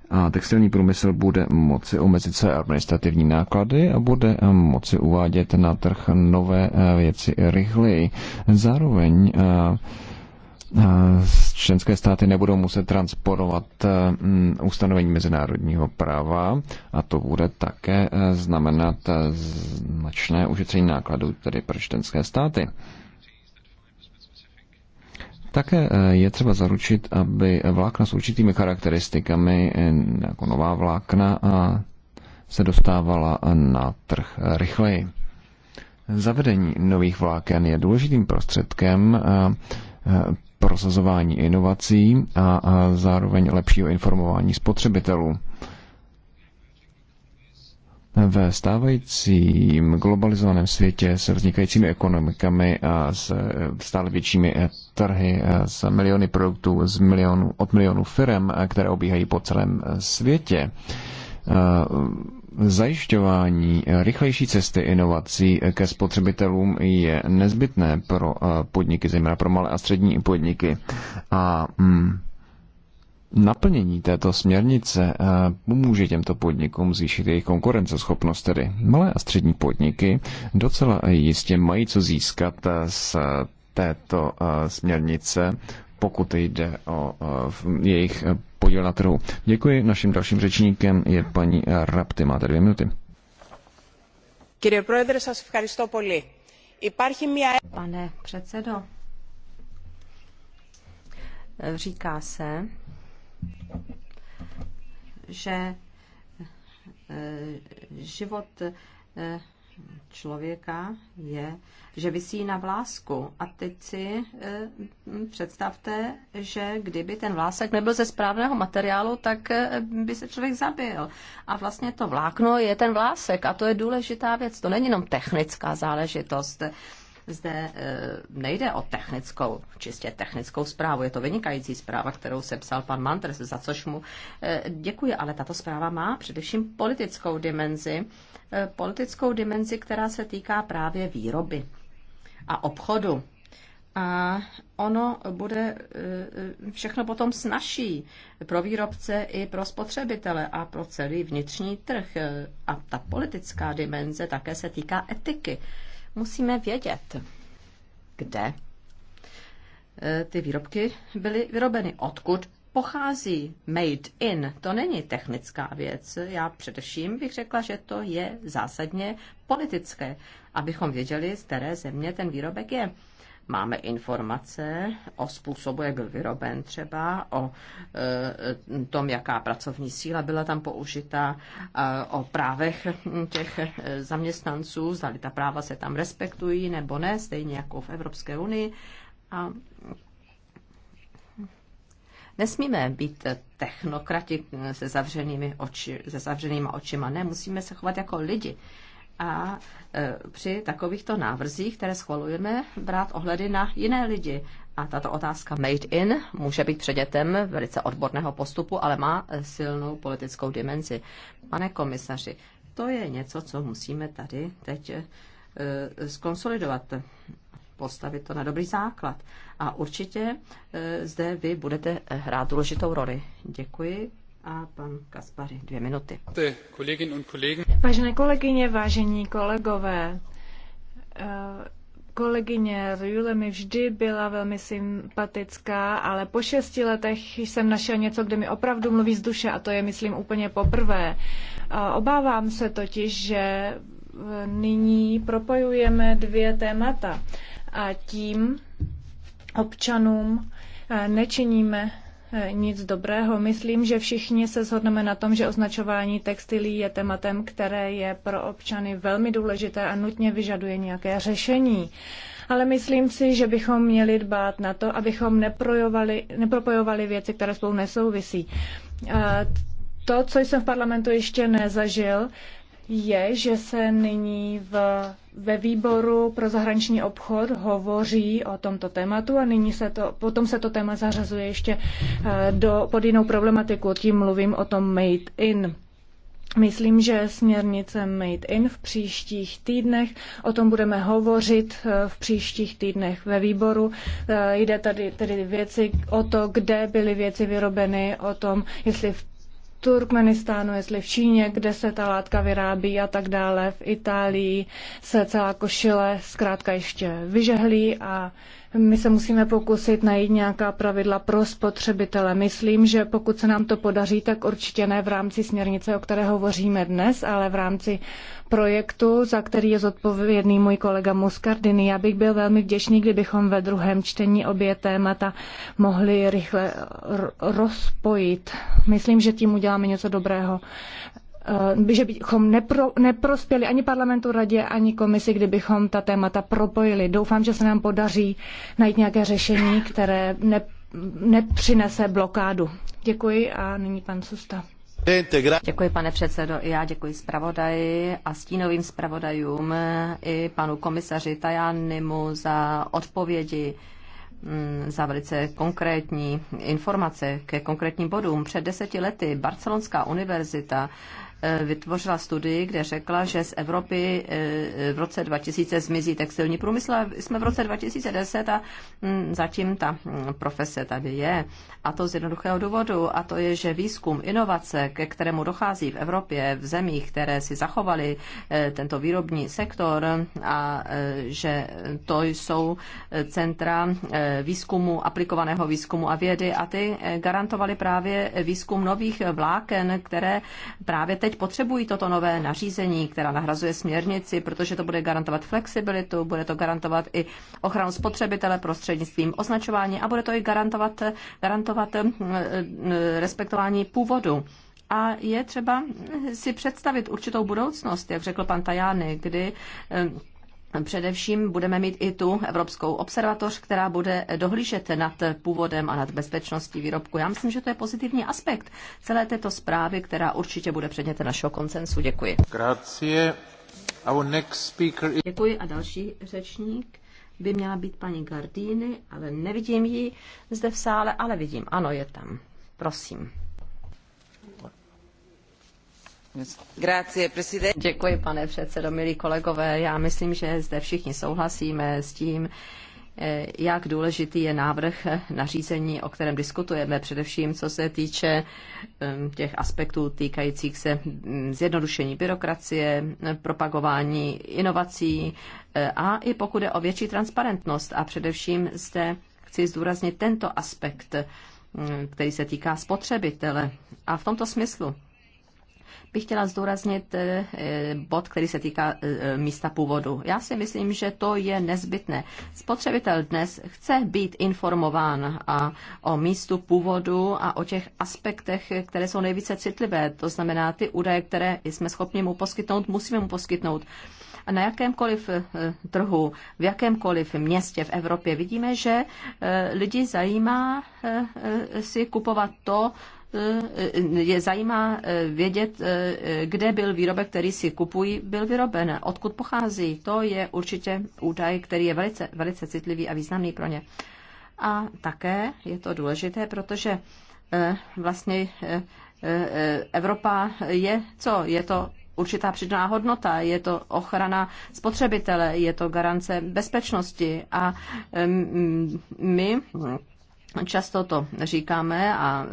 [SPEAKER 1] a textilní průmysl bude moci omezit své administrativní náklady a bude moci uvádět na trh nové věci rychleji. Zároveň Eh, členské státy nebudou muset transporovat eh, ustanovení mezinárodního práva a to bude také eh, znamenat značné ušetření nákladů tedy pro členské státy. Také je třeba zaručit, aby vlákna s určitými charakteristikami, jako nová vlákna, se dostávala na trh rychleji. Zavedení nových vláken je důležitým prostředkem prosazování inovací a zároveň lepšího informování spotřebitelů. Ve stávajícím globalizovaném světě se vznikajícími ekonomikami a s stále většími trhy s miliony produktů z milionu od milionů firm, které obíhají po celém světě, zajišťování rychlejší cesty inovací ke spotřebitelům je nezbytné pro eh, podniky, zejména pro malé a střední podniky. A mm, Naplnění této směrnice eh, pomůže těmto podnikům zvýšit jejich konkurenceschopnost, tedy malé a střední podniky docela jistě mají co získat eh, z této směrnice, pokud jde o jejich podíl na trhu. Děkuji. Naším dalším řečníkem je paní Rapty. Máte dvě minuty.
[SPEAKER 3] Pane předsedo, říká se, že eh, život eh, člověka je, že vysí na vlásku. A teď si e, představte, že kdyby ten vlásek nebyl ze správného materiálu, tak e, by se člověk zabil. A vlastně to vlákno je ten vlásek a to je důležitá věc. To není jenom technická záležitost zde eh, nejde o technickou, čistě technickou zprávu. Je to vynikající zpráva, kterou sepsal pan Mantres, za což mu eh, děkuji, ale tato zpráva má především politickou dimenzi, eh, politickou dimenzi, která se týká právě výroby a obchodu. A ono bude všechno potom snažší pro výrobce i pro spotřebitele a pro celý vnitřní trh. A ta politická dimenze také se týká etiky musíme vědět, kde eh, ty výrobky byly vyrobeny, odkud pochází made in, to není technická věc. Já především bych řekla, že to je zásadně politické, abychom věděli, z které země ten výrobek je máme informace o způsobu, jak byl vyroben třeba, o e, tom, jaká pracovní síla byla tam použita, o právech těch zaměstnanců, zdali ta práva se tam respektují nebo ne, stejně jako v Evropské unii. A Nesmíme být technokrati se zavřenými oči, se zavřenýma očima, ne, musíme se chovat jako lidi a e, při takovýchto návrzích, které schvalujeme, brát ohledy na jiné lidi. A tato otázka made in může být předětem velice odborného postupu, ale má e, silnou politickou dimenzi. Pane komisaři, to je něco, co musíme tady teď e, skonsolidovat, postavit to na dobrý základ. A určitě zde vy budete hrát důležitou roli. Děkuji a pan Kaspary, dvě minuty.
[SPEAKER 4] Vážené kolegyně, vážení kolegové, eh, kolegyně Rühle mi vždy byla velmi sympatická, ale po šesti letech jsem našel něco, kde mi opravdu mluví z duše a to je, myslím, úplně poprvé. Eh, obávám se totiž, že nyní propojujeme dvě témata a tím občanům eh, nečiníme E, nic dobrého. Myslím, že všichni se shodneme na tom, že označování textilí je tématem, které je pro občany velmi důležité a nutně vyžaduje nějaké řešení. Ale myslím si, že bychom měli dbát na to, abychom nepropojovali věci, které spolu nesouvisí. E, to, co jsem v parlamentu ještě nezažil, je, že se nyní v ve výboru pro zahraniční obchod hovoří o tomto tématu a nyní se to, potom se to téma zařazuje ještě eh, do, pod jinou problematiku. Tím mluvím o tom made in. Myslím, že směrnice Made in v příštích týdnech, o tom budeme hovořit eh, v příštích týdnech ve výboru. Eh, jde tady tedy věci o to, kde byly věci vyrobeny, o tom, jestli v Turkmenistánu, jestli v Číně, kde se ta látka vyrábí a tak dále. V Itálii se celá košile zkrátka ještě vyžehlí a my se musíme pokusit najít nějaká pravidla pro spotřebitele. Myslím, že pokud se nám to podaří, tak určitě ne v rámci směrnice, o které hovoříme dnes, ale v rámci projektu, za který je zodpovědný můj kolega Muscardini. Já bych byl velmi vděčný, kdybychom ve druhém čtení obě témata mohli rychle rozpojit. Myslím, že tím uděláme něco dobrého Eh, že bychom nepro, neprospěli ani parlamentu, radě, ani komisi, kdybychom ta témata propojili. Doufám, že se nám podaří najít nějaké řešení, které ne, nepřinese
[SPEAKER 3] blokádu. Děkuji a nyní pan Susta. Děkuji, pane předsedo. Já děkuji zpravodaji a stínovým zpravodajům i panu komisaři Tajanimu za odpovědi mm, za velice konkrétní informace ke konkrétním bodům. Před deseti lety Barcelonská univerzita Eh, vytvořila studii, kde řekla, že z Evropy eh, v roce 2000 zmizí textilní průmysl. Jsme v roce 2010 a mm, zatím ta mm, profese tady je. A to z jednoduchého důvodu, a to je, že výzkum, inovace, ke kterému dochází v Evropě, v zemích, které si zachovaly eh, tento výrobní sektor a že to jsou centra výzkumu, aplikovaného výzkumu a vědy a ty garantovaly právě výzkum nových vláken, které právě teď teď potřebují toto nové nařízení, která nahrazuje směrnici, protože to bude garantovat flexibilitu, bude to garantovat i ochranu spotřebitele prostřednictvím označování a bude to i garantovat, garantovat eh, eh, respektování původu. A je třeba si představit určitou budoucnost, jak řekl pan Tajány, kdy eh, Především budeme mít i tu Evropskou observatoř, která bude dohlížet nad původem a nad bezpečností výrobku. Já myslím, že to je pozitivní aspekt celé této zprávy, která určitě bude předmětem našeho koncensu. Děkuji. Grazie. Our next speaker is... Děkuji a další řečník by měla být paní Gardíny, ale nevidím ji zde v sále, ale vidím, ano, je tam. Prosím. Děkuji, pane předsedající kolegové. Já myslím, že zde všichni souhlasíme s tím, eh, jak důležitý je návrh nařízení, o kterém diskutujeme, především co se týče eh, těch aspektů týkajících se mm, zjednodušení byrokracie, propagování inovací eh, a i pokud jde o větší transparentnost. A především zde chci zdůraznit tento aspekt, mm, který se týká spotřebitele. A v tomto smyslu bych chtěla zdůraznit eh, eh, bod, který se týká eh, místa původu. Já si myslím, že to je nezbytné. Spotřebitel dnes chce být informován a o místu původu a o těch aspektech, které jsou nejvíce citlivé. To znamená, ty údaje, které jsme schopni mu poskytnout, musíme mu poskytnout. A na jakémkoliv trhu, v jakémkoliv městě v Evropě vidíme, že lidi zajímá si kupovat to, je zajímá eh, vědět, eh, kde byl výrobek, který si kupují, byl vyroben, odkud pochází. To je určitě údaj, který je velice, velice citlivý a významný pro ně. A také je to důležité, protože eh, vlastně Evropa je co? Je to určitá přidaná hodnota, je to ochrana spotřebitele, je to garance bezpečnosti a my Často to říkáme a e,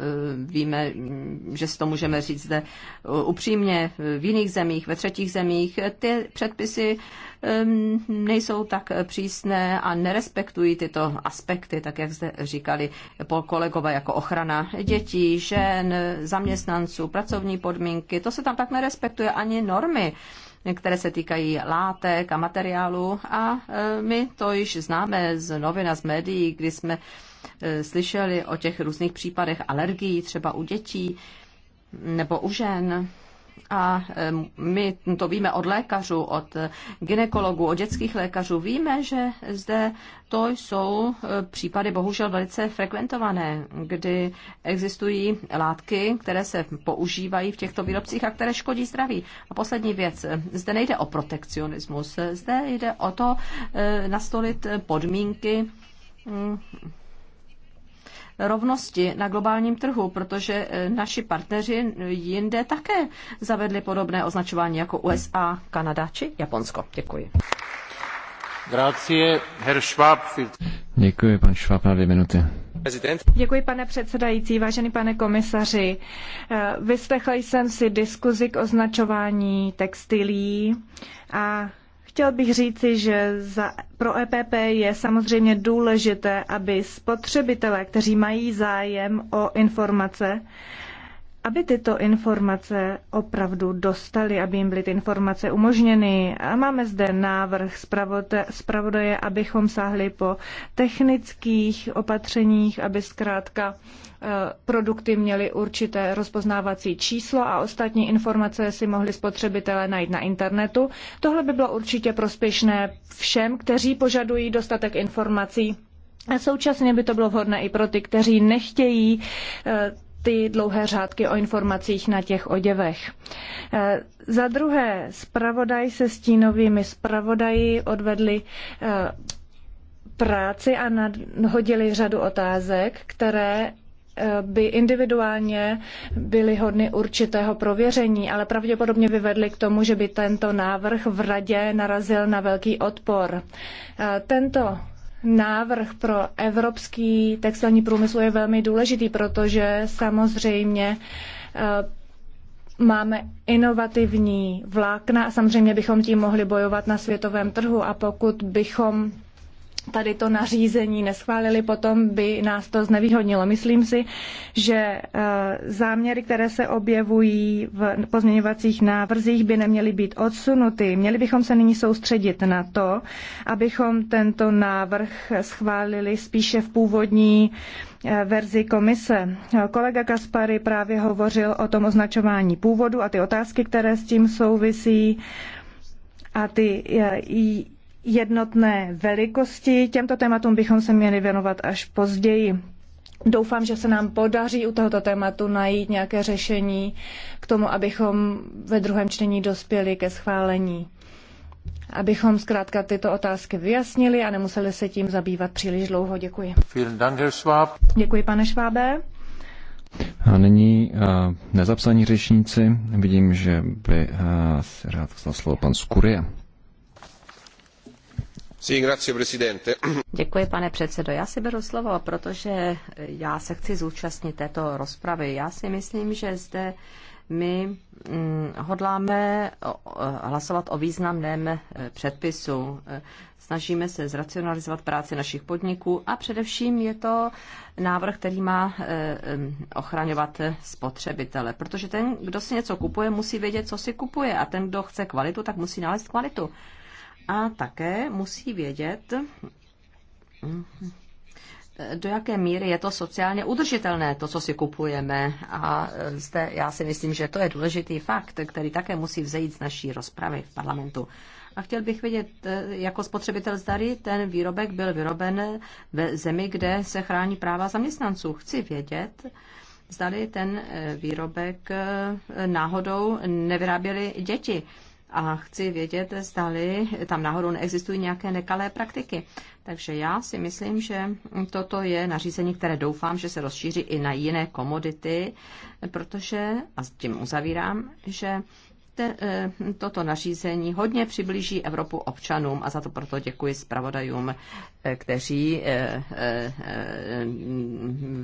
[SPEAKER 3] víme, mm, že si to můžeme říct zde e, upřímně v jiných zemích, ve třetích zemích. Ty předpisy e, nejsou tak přísné a nerespektují tyto aspekty, tak jak zde říkali kolegové, jako ochrana dětí, žen, zaměstnanců, pracovní podmínky. To se tam tak nerespektuje ani normy které se týkají látek a materiálu a my to již známe z novin a z médií, kdy jsme Eh, slyšeli o těch různých případech alergií, třeba u dětí nebo u žen. A eh, my to víme od lékařů, od eh, ginekologů, od dětských lékařů. Víme, že zde to jsou případy bohužel velice frekventované, kdy existují látky, které se používají v těchto výrobcích a které škodí zdraví. A poslední věc, zde nejde o protekcionismus, zde jde o to nastolit podmínky mm, rovnosti na globálním trhu, protože eh, naši partneři eh, jinde také zavedli podobné označování jako USA, Kanada či Japonsko. Děkuji. Schwab.
[SPEAKER 1] Děkuji, pan Schwab, na dvě minuty.
[SPEAKER 3] Děkuji, pane předsedající, vážený
[SPEAKER 4] pane komisaři. Eh, Vyslechla jsem si diskuzi k označování textilí a Chtěl bych říci, že za, pro EPP je samozřejmě důležité, aby spotřebitelé, kteří mají zájem o informace, aby tyto informace opravdu dostali, aby jim byly ty informace umožněny. máme zde návrh zpravodaje, abychom sáhli po technických opatřeních, aby zkrátka e, produkty měly určité rozpoznávací číslo a ostatní informace si mohli spotřebitelé najít na internetu. Tohle by bylo určitě prospěšné všem, kteří požadují dostatek informací. A současně by to bylo vhodné i pro ty, kteří nechtějí e, ty dlouhé řádky o informacích na těch oděvech. E, za druhé, zpravodaj se stínovými zpravodaji odvedli e, práci a nadhodili řadu otázek, které e, by individuálně byly hodny určitého prověření, ale pravděpodobně vyvedly k tomu, že by tento návrh v radě narazil na velký odpor. Tento návrh pro evropský textilní průmysl je velmi důležitý, protože samozřejmě eh, máme inovativní vlákna a samozřejmě bychom tím mohli bojovat na světovém trhu a pokud bychom tady to nařízení neschválili, potom by nás to znevýhodnilo. Myslím si, že eh, záměry, které se objevují v pozměňovacích návrzích, by neměly být odsunuty. Měli bychom se nyní soustředit na to, abychom tento návrh schválili spíše v původní eh, verzi komise. Kolega Kaspary právě hovořil o tom označování původu a ty otázky, které s tím souvisí a ty eh, jednotné velikosti. Těmto tématům bychom se měli věnovat až později. Doufám, že se nám podaří u tohoto tématu najít nějaké řešení k tomu, abychom ve druhém čtení dospěli ke schválení. Abychom zkrátka tyto otázky vyjasnili a nemuseli se tím zabývat příliš dlouho. Děkuji. Děkuji, pane Švábe.
[SPEAKER 1] A nyní eh, nezapsaní řečníci. Vidím, že by si eh, rád vzal slovo pan Skurie.
[SPEAKER 3] Děkuji, pane předsedo. Já si beru slovo, protože já se chci zúčastnit této rozpravy. Já si myslím, že zde my mm, hodláme hlasovat o významném eh, předpisu. Eh, snažíme se zracionalizovat práci našich podniků a především je to návrh, který má eh, ochraňovat spotřebitele, protože ten, kdo si něco kupuje, musí vědět, co si kupuje a ten, kdo chce kvalitu, tak musí nalézt kvalitu a také musí vědět, do jaké míry je to sociálně udržitelné, to, co si kupujeme. A zde já si myslím, že to je důležitý fakt, který také musí vzejít z naší rozpravy v parlamentu. A chtěl bych vědět, jako spotřebitel zdary, ten výrobek byl vyroben ve zemi, kde se chrání práva zaměstnanců. Chci vědět, zdali ten výrobek náhodou nevyráběli děti a chci vědět, zdali tam náhodou neexistují nějaké nekalé praktiky. Takže já si myslím, že toto je nařízení, které doufám, že se rozšíří i na jiné komodity, protože, a s tím uzavírám, že te, eh, toto nařízení hodně přiblíží Evropu občanům a za to proto děkuji zpravodajům, eh, kteří eh,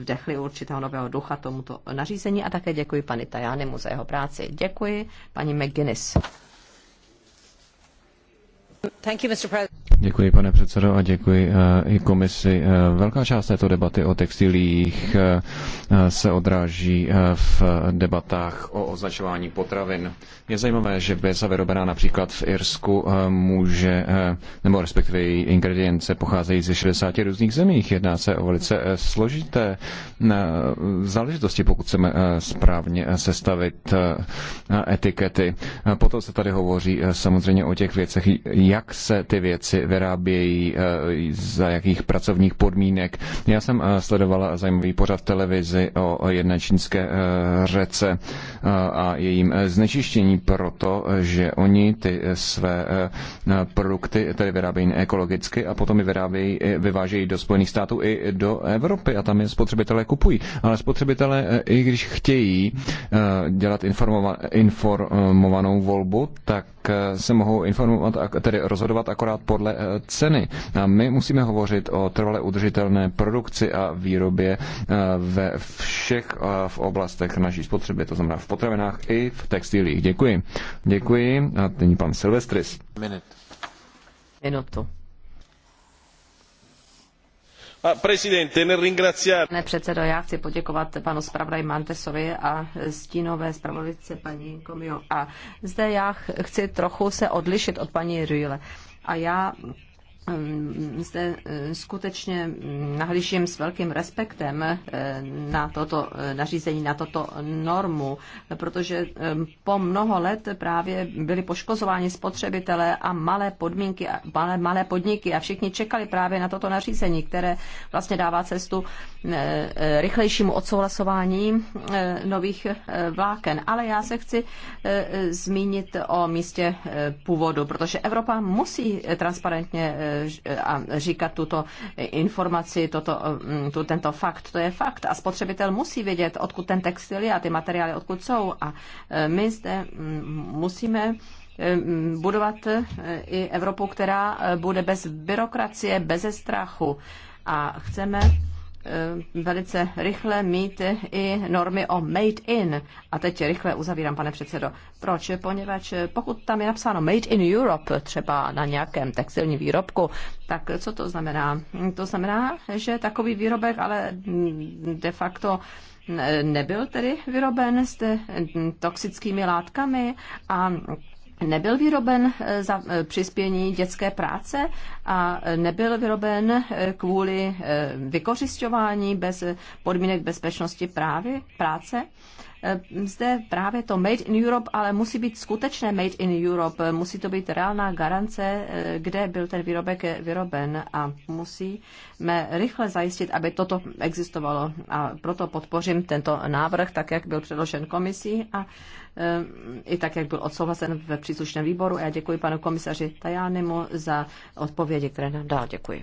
[SPEAKER 3] vdechli určitého nového ducha tomuto nařízení a také děkuji pani Tajánemu za jeho práci. Děkuji paní McGuinness.
[SPEAKER 1] Děkuji, pane předsedo, a děkuji eh, i komisi. Eh, velká část této debaty o textilích eh, se odráží v debatách o označování potravin. Je zajímavé, že běza vyrobená například v Irsku může, nebo respektive její ingredience pocházejí ze 60 různých zemích. Jedná se o velice složité záležitosti, pokud chceme správně sestavit etikety. Potom se tady hovoří samozřejmě o těch věcech, jak se ty věci vyrábějí, eh, za jakých pracovních podmínek. Já jsem eh, sledovala zajímavý pořad televizi o jedné čínské eh, řece a jejím znečištění proto, že oni ty své produkty tedy vyrábějí ekologicky a potom je vyrábějí, vyvážejí do Spojených států i do Evropy a tam je spotřebitelé kupují. Ale spotřebitelé, i když chtějí dělat informovanou volbu, tak Eh, se mohou informovat, tedy rozhodovat akorát podle eh, ceny. A my musíme hovořit o trvale udržitelné produkci a výrobě eh, ve všech v oblastech naší spotřeby, to znamená v potravinách i v textilích. Děkuji. Děkuji. A nyní pan Silvestris.
[SPEAKER 3] Minut. Minutu. Pane předsedo, já chci poděkovat panu zpravodaji Mantesovi a stínové zpravodajce paní Komio. A zde já chci trochu se odlišit od paní Rühle. A já Ehm, zde ehm, skutečně ehm, nahlížím s velkým respektem na toto nařízení, na toto normu, protože po mnoho let právě byli poškozováni spotřebitelé a malé, podmínky, malé, malé podniky a všichni čekali právě na toto nařízení, které vlastně dává cestu rychlejšímu odsouhlasování nových vláken. Ale já se chci zmínit o místě původu, protože Evropa musí transparentně a říkat tuto informaci, toto, mm, tu, tento fakt, to je fakt. A spotřebitel musí vědět, odkud ten textil je a ty materiály odkud jsou. A e, my zde mm, musíme e, mm, budovat e, i Evropu, která bude bez byrokracie, bez strachu. A chceme Eh, velice rychle mít i normy o made in. A teď rychle uzavírám, pane předsedo. Proč? Poněvadž pokud tam je napsáno made in Europe, třeba na nějakém textilním výrobku, tak co to znamená? To znamená, že takový výrobek ale de facto nebyl tedy vyroben s toxickými látkami a nebyl vyroben eh, za eh, přispění dětské práce a eh, nebyl vyroben kvůli vykořišťování bez podmínek bezpečnosti právě práce. Eh, zde právě to Made in Europe, ale musí být skutečné Made in Europe, musí to být reálná garance, eh, kde byl ten výrobek vyroben a musíme rychle zajistit, aby toto existovalo a proto podpořím tento návrh, tak jak byl předložen komisí a eh, i tak, jak byl odsouhlasen ve příslušném výboru. já děkuji panu komisaři Tajánemu za odpovědi, které nám dal. Děkuji.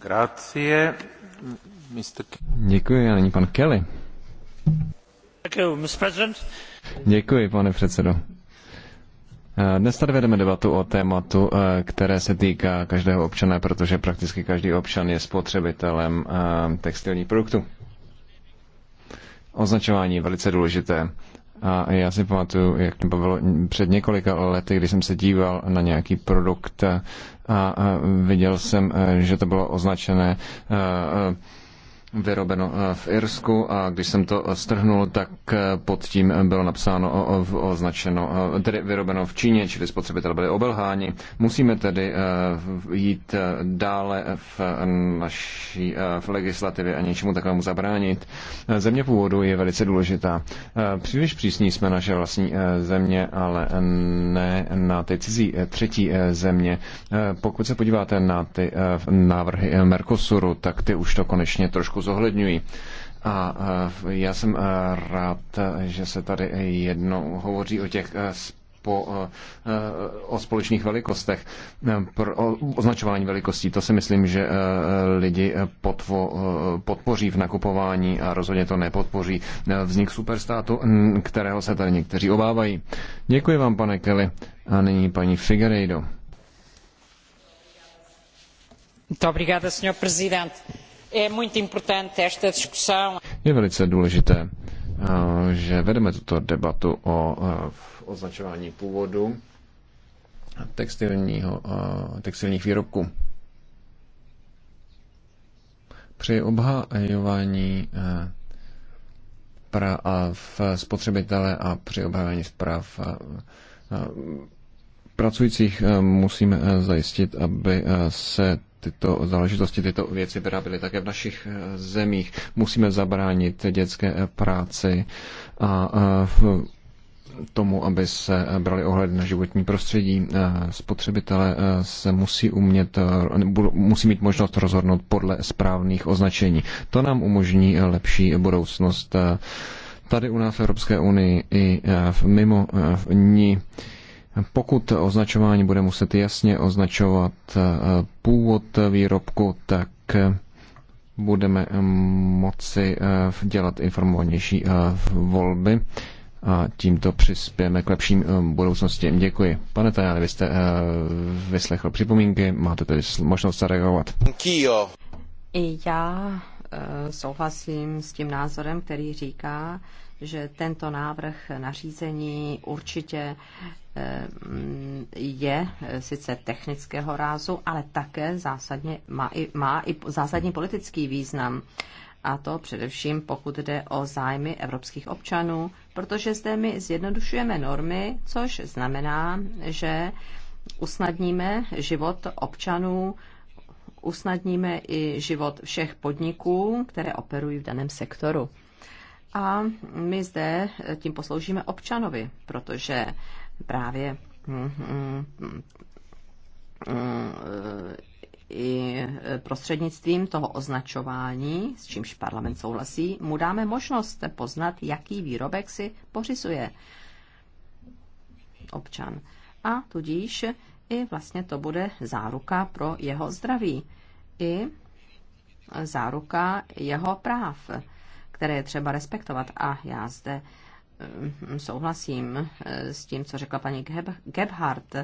[SPEAKER 1] Grazie. Mr. Děkuji, a nyní pan Kelly. Děkuji, pane předsedo. Eh, dnes tady vedeme debatu o tématu, eh, které se týká každého občana, protože prakticky každý občan je spotřebitelem eh, textilních produktů. Označování je velice důležité. A já si pamatuju, jak to bylo před několika lety, když jsem se díval na nějaký produkt a viděl jsem, že to bylo označené vyrobeno eh, v Irsku a když jsem to eh, strhnul, tak eh, pod tím bylo napsáno, označeno, tedy vyrobeno v Číně, čili spotřebitel byli obelháni. Musíme tedy jít dále v naší v legislativě a něčemu takovému zabránit. Země původu je velice důležitá. Příliš přísní jsme naše vlastní země, ale ne na ty cizí třetí země. Pokud se podíváte na ty návrhy Mercosuru, tak ty už to konečně trošku trošku zohledňují. A já jsem e, rád, že se tady jednou hovoří o těch e, po, e, o společných velikostech, pro, o označování velikostí. To si myslím, že lidi potvo, podpoří v nakupování a rozhodně to nepodpoří vznik superstátu, kterého se tady někteří obávají. Děkuji vám, pane Kelly. A nyní paní Figueiredo.
[SPEAKER 2] Dobrý den,
[SPEAKER 1] je velice důležité, eh, že vedeme tuto debatu o eh, označování původu textilního, eh, textilních výrobků. Při obhajování a v spotřebitele a při obhajování zpráv pracujících musíme zajistit, aby se tyto záležitosti, tyto věci vyráběly také v našich eh, zemích. Musíme zabránit dětské eh, práci a eh, tomu, aby se brali ohled na životní prostředí. Spotřebitele se musí umět, musí mít možnost rozhodnout podle správných označení. To nám umožní lepší budoucnost tady u nás v Evropské unii i v mimo v ní pokud označování bude muset jasně označovat eh, původ výrobku, tak eh, budeme eh, moci dělat informovanější volby a tímto přispějeme k lepším budoucnosti. Děkuji. Pane Tajane, vy jste vyslechl připomínky, máte tedy možnost
[SPEAKER 3] zareagovat. Já Eh, souhlasím s tím názorem, který říká, že tento návrh nařízení určitě eh, je eh, sice technického rázu, ale také zásadně, má, i, má i zásadní politický význam. A to především pokud jde o zájmy evropských občanů, protože zde my zjednodušujeme normy, což znamená, že usnadníme život občanů usnadníme i život všech podniků, které operují v daném sektoru. A my zde tím posloužíme občanovi, protože právě mm, mm, i prostřednictvím toho označování, s čímž parlament souhlasí, mu dáme možnost poznat, jaký výrobek si pořizuje občan. A tudíž i vlastně to bude záruka pro jeho zdraví i záruka jeho práv, které je třeba respektovat. A já zde mm, souhlasím eh, s tím, co řekla paní Gebhardt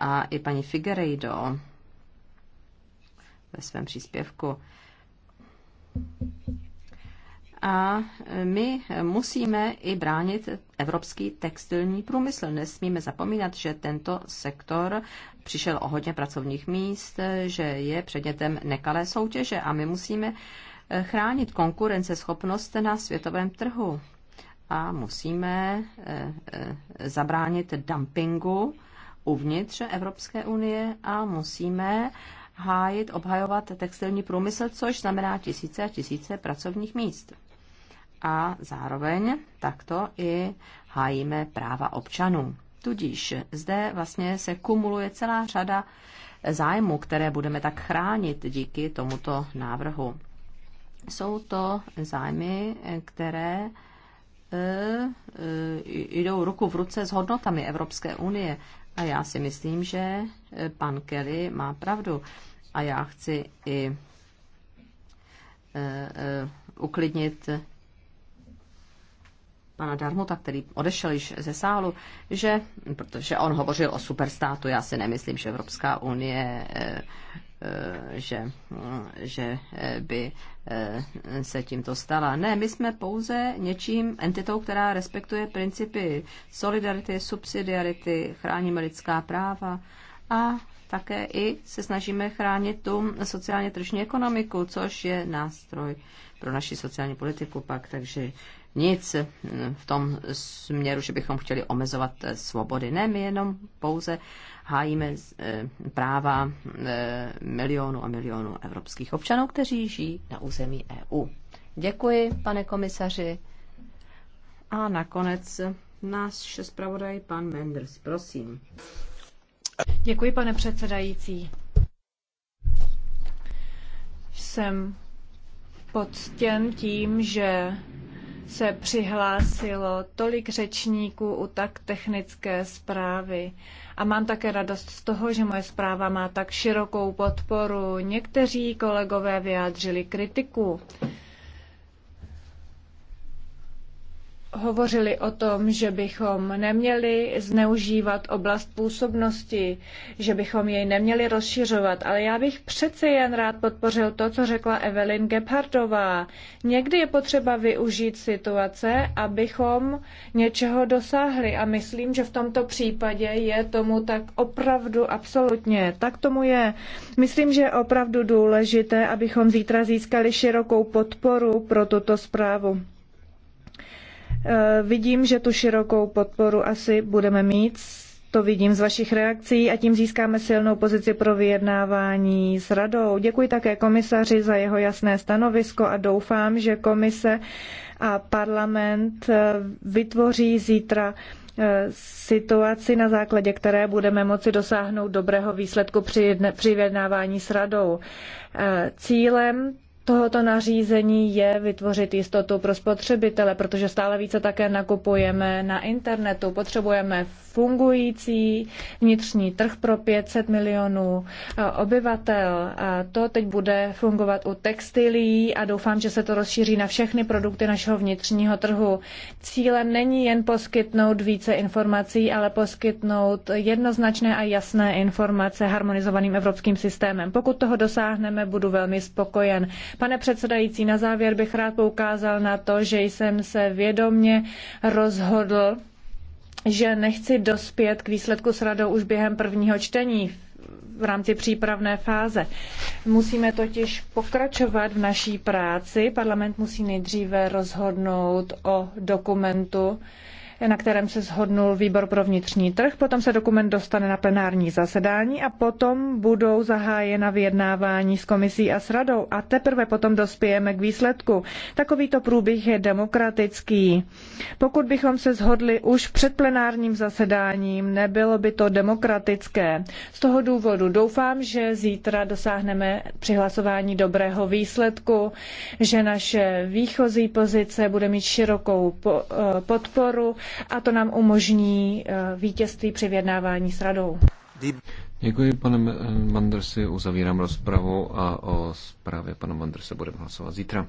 [SPEAKER 3] a i paní Figueiredo ve svém příspěvku a my musíme i bránit evropský textilní průmysl. Nesmíme zapomínat, že tento sektor přišel o hodně pracovních míst, že je předmětem nekalé soutěže a my musíme eh, chránit konkurenceschopnost na světovém trhu a musíme eh, eh, zabránit dumpingu uvnitř Evropské unie a musíme hájit, obhajovat textilní průmysl, což znamená tisíce a tisíce pracovních míst a zároveň takto i hájíme práva občanů. Tudíž zde vlastně se kumuluje celá řada zájmů, které budeme tak chránit díky tomuto návrhu. Jsou to zájmy, které e, e, jdou ruku v ruce s hodnotami Evropské unie. A já si myslím, že pan Kelly má pravdu. A já chci i e, uklidnit pana Darmota, který odešel již ze sálu, že, protože on hovořil o superstátu, já si nemyslím, že Evropská unie eh, eh, že, eh, že by se tímto stala. Ne, my jsme pouze něčím entitou, která respektuje principy solidarity, subsidiarity, chráníme lidská práva a také i se snažíme chránit tu sociálně tržní ekonomiku, což je nástroj pro naši sociální politiku pak. Takže nic v tom směru, že bychom chtěli omezovat svobody. Ne, my jenom pouze hájíme eh, práva eh, milionů a milionů evropských občanů, kteří žijí na území EU. Děkuji, pane komisaři. A nakonec náš zpravodaj pan Menders, prosím.
[SPEAKER 4] Děkuji, pane předsedající. Jsem poctěn tím, že se přihlásilo tolik řečníků u tak technické zprávy. A mám také radost z toho, že moje zpráva má tak širokou podporu. Někteří kolegové vyjádřili kritiku. hovořili o tom, že bychom neměli zneužívat oblast působnosti, že bychom jej neměli rozšiřovat, ale já bych přece jen rád podpořil to, co řekla Evelyn Gebhardová. Někdy je potřeba využít situace, abychom něčeho dosáhli a myslím, že v tomto případě je tomu tak opravdu absolutně. Tak tomu je. Myslím, že je opravdu důležité, abychom zítra získali širokou podporu pro tuto zprávu. Eh, vidím, že tu širokou podporu asi budeme mít, to vidím z vašich reakcí a tím získáme silnou pozici pro vyjednávání s radou. Děkuji také komisaři za jeho jasné stanovisko a doufám, že komise a parlament eh, vytvoří zítra eh, situaci, na základě které budeme moci dosáhnout dobrého výsledku při, vyjednávání s radou. Cílem tohoto nařízení je vytvořit jistotu pro spotřebitele, protože stále více také nakupujeme na internetu. Potřebujeme fungující vnitřní trh pro 500 milionů eh, obyvatel. A to teď bude fungovat u textilí a doufám, že se to rozšíří na všechny produkty našeho vnitřního trhu. Cílem není jen poskytnout více informací, ale poskytnout jednoznačné a jasné informace harmonizovaným evropským systémem. Pokud toho dosáhneme, budu velmi spokojen. Pane předsedající, na závěr bych rád poukázal na to, že jsem se vědomně rozhodl, že nechci dospět k výsledku s radou už během prvního čtení v rámci přípravné fáze. Musíme totiž pokračovat v naší práci. Parlament musí nejdříve rozhodnout o dokumentu, na kterém se shodnul výbor pro vnitřní trh, potom se dokument dostane na plenární zasedání a potom budou zahájena vyjednávání s komisí a s radou a teprve potom dospějeme k výsledku. Takovýto průběh je demokratický. Pokud bychom se shodli už před plenárním zasedáním, nebylo by to demokratické. Z toho důvodu doufám, že zítra dosáhneme při hlasování dobrého výsledku, že naše výchozí pozice bude mít širokou eh, podporu a to nám umožní eh, vítězství při vyjednávání s radou.
[SPEAKER 1] Děkuji, pane Mandersi. Uzavírám rozpravu a o zprávě pana Manderse budeme hlasovat zítra.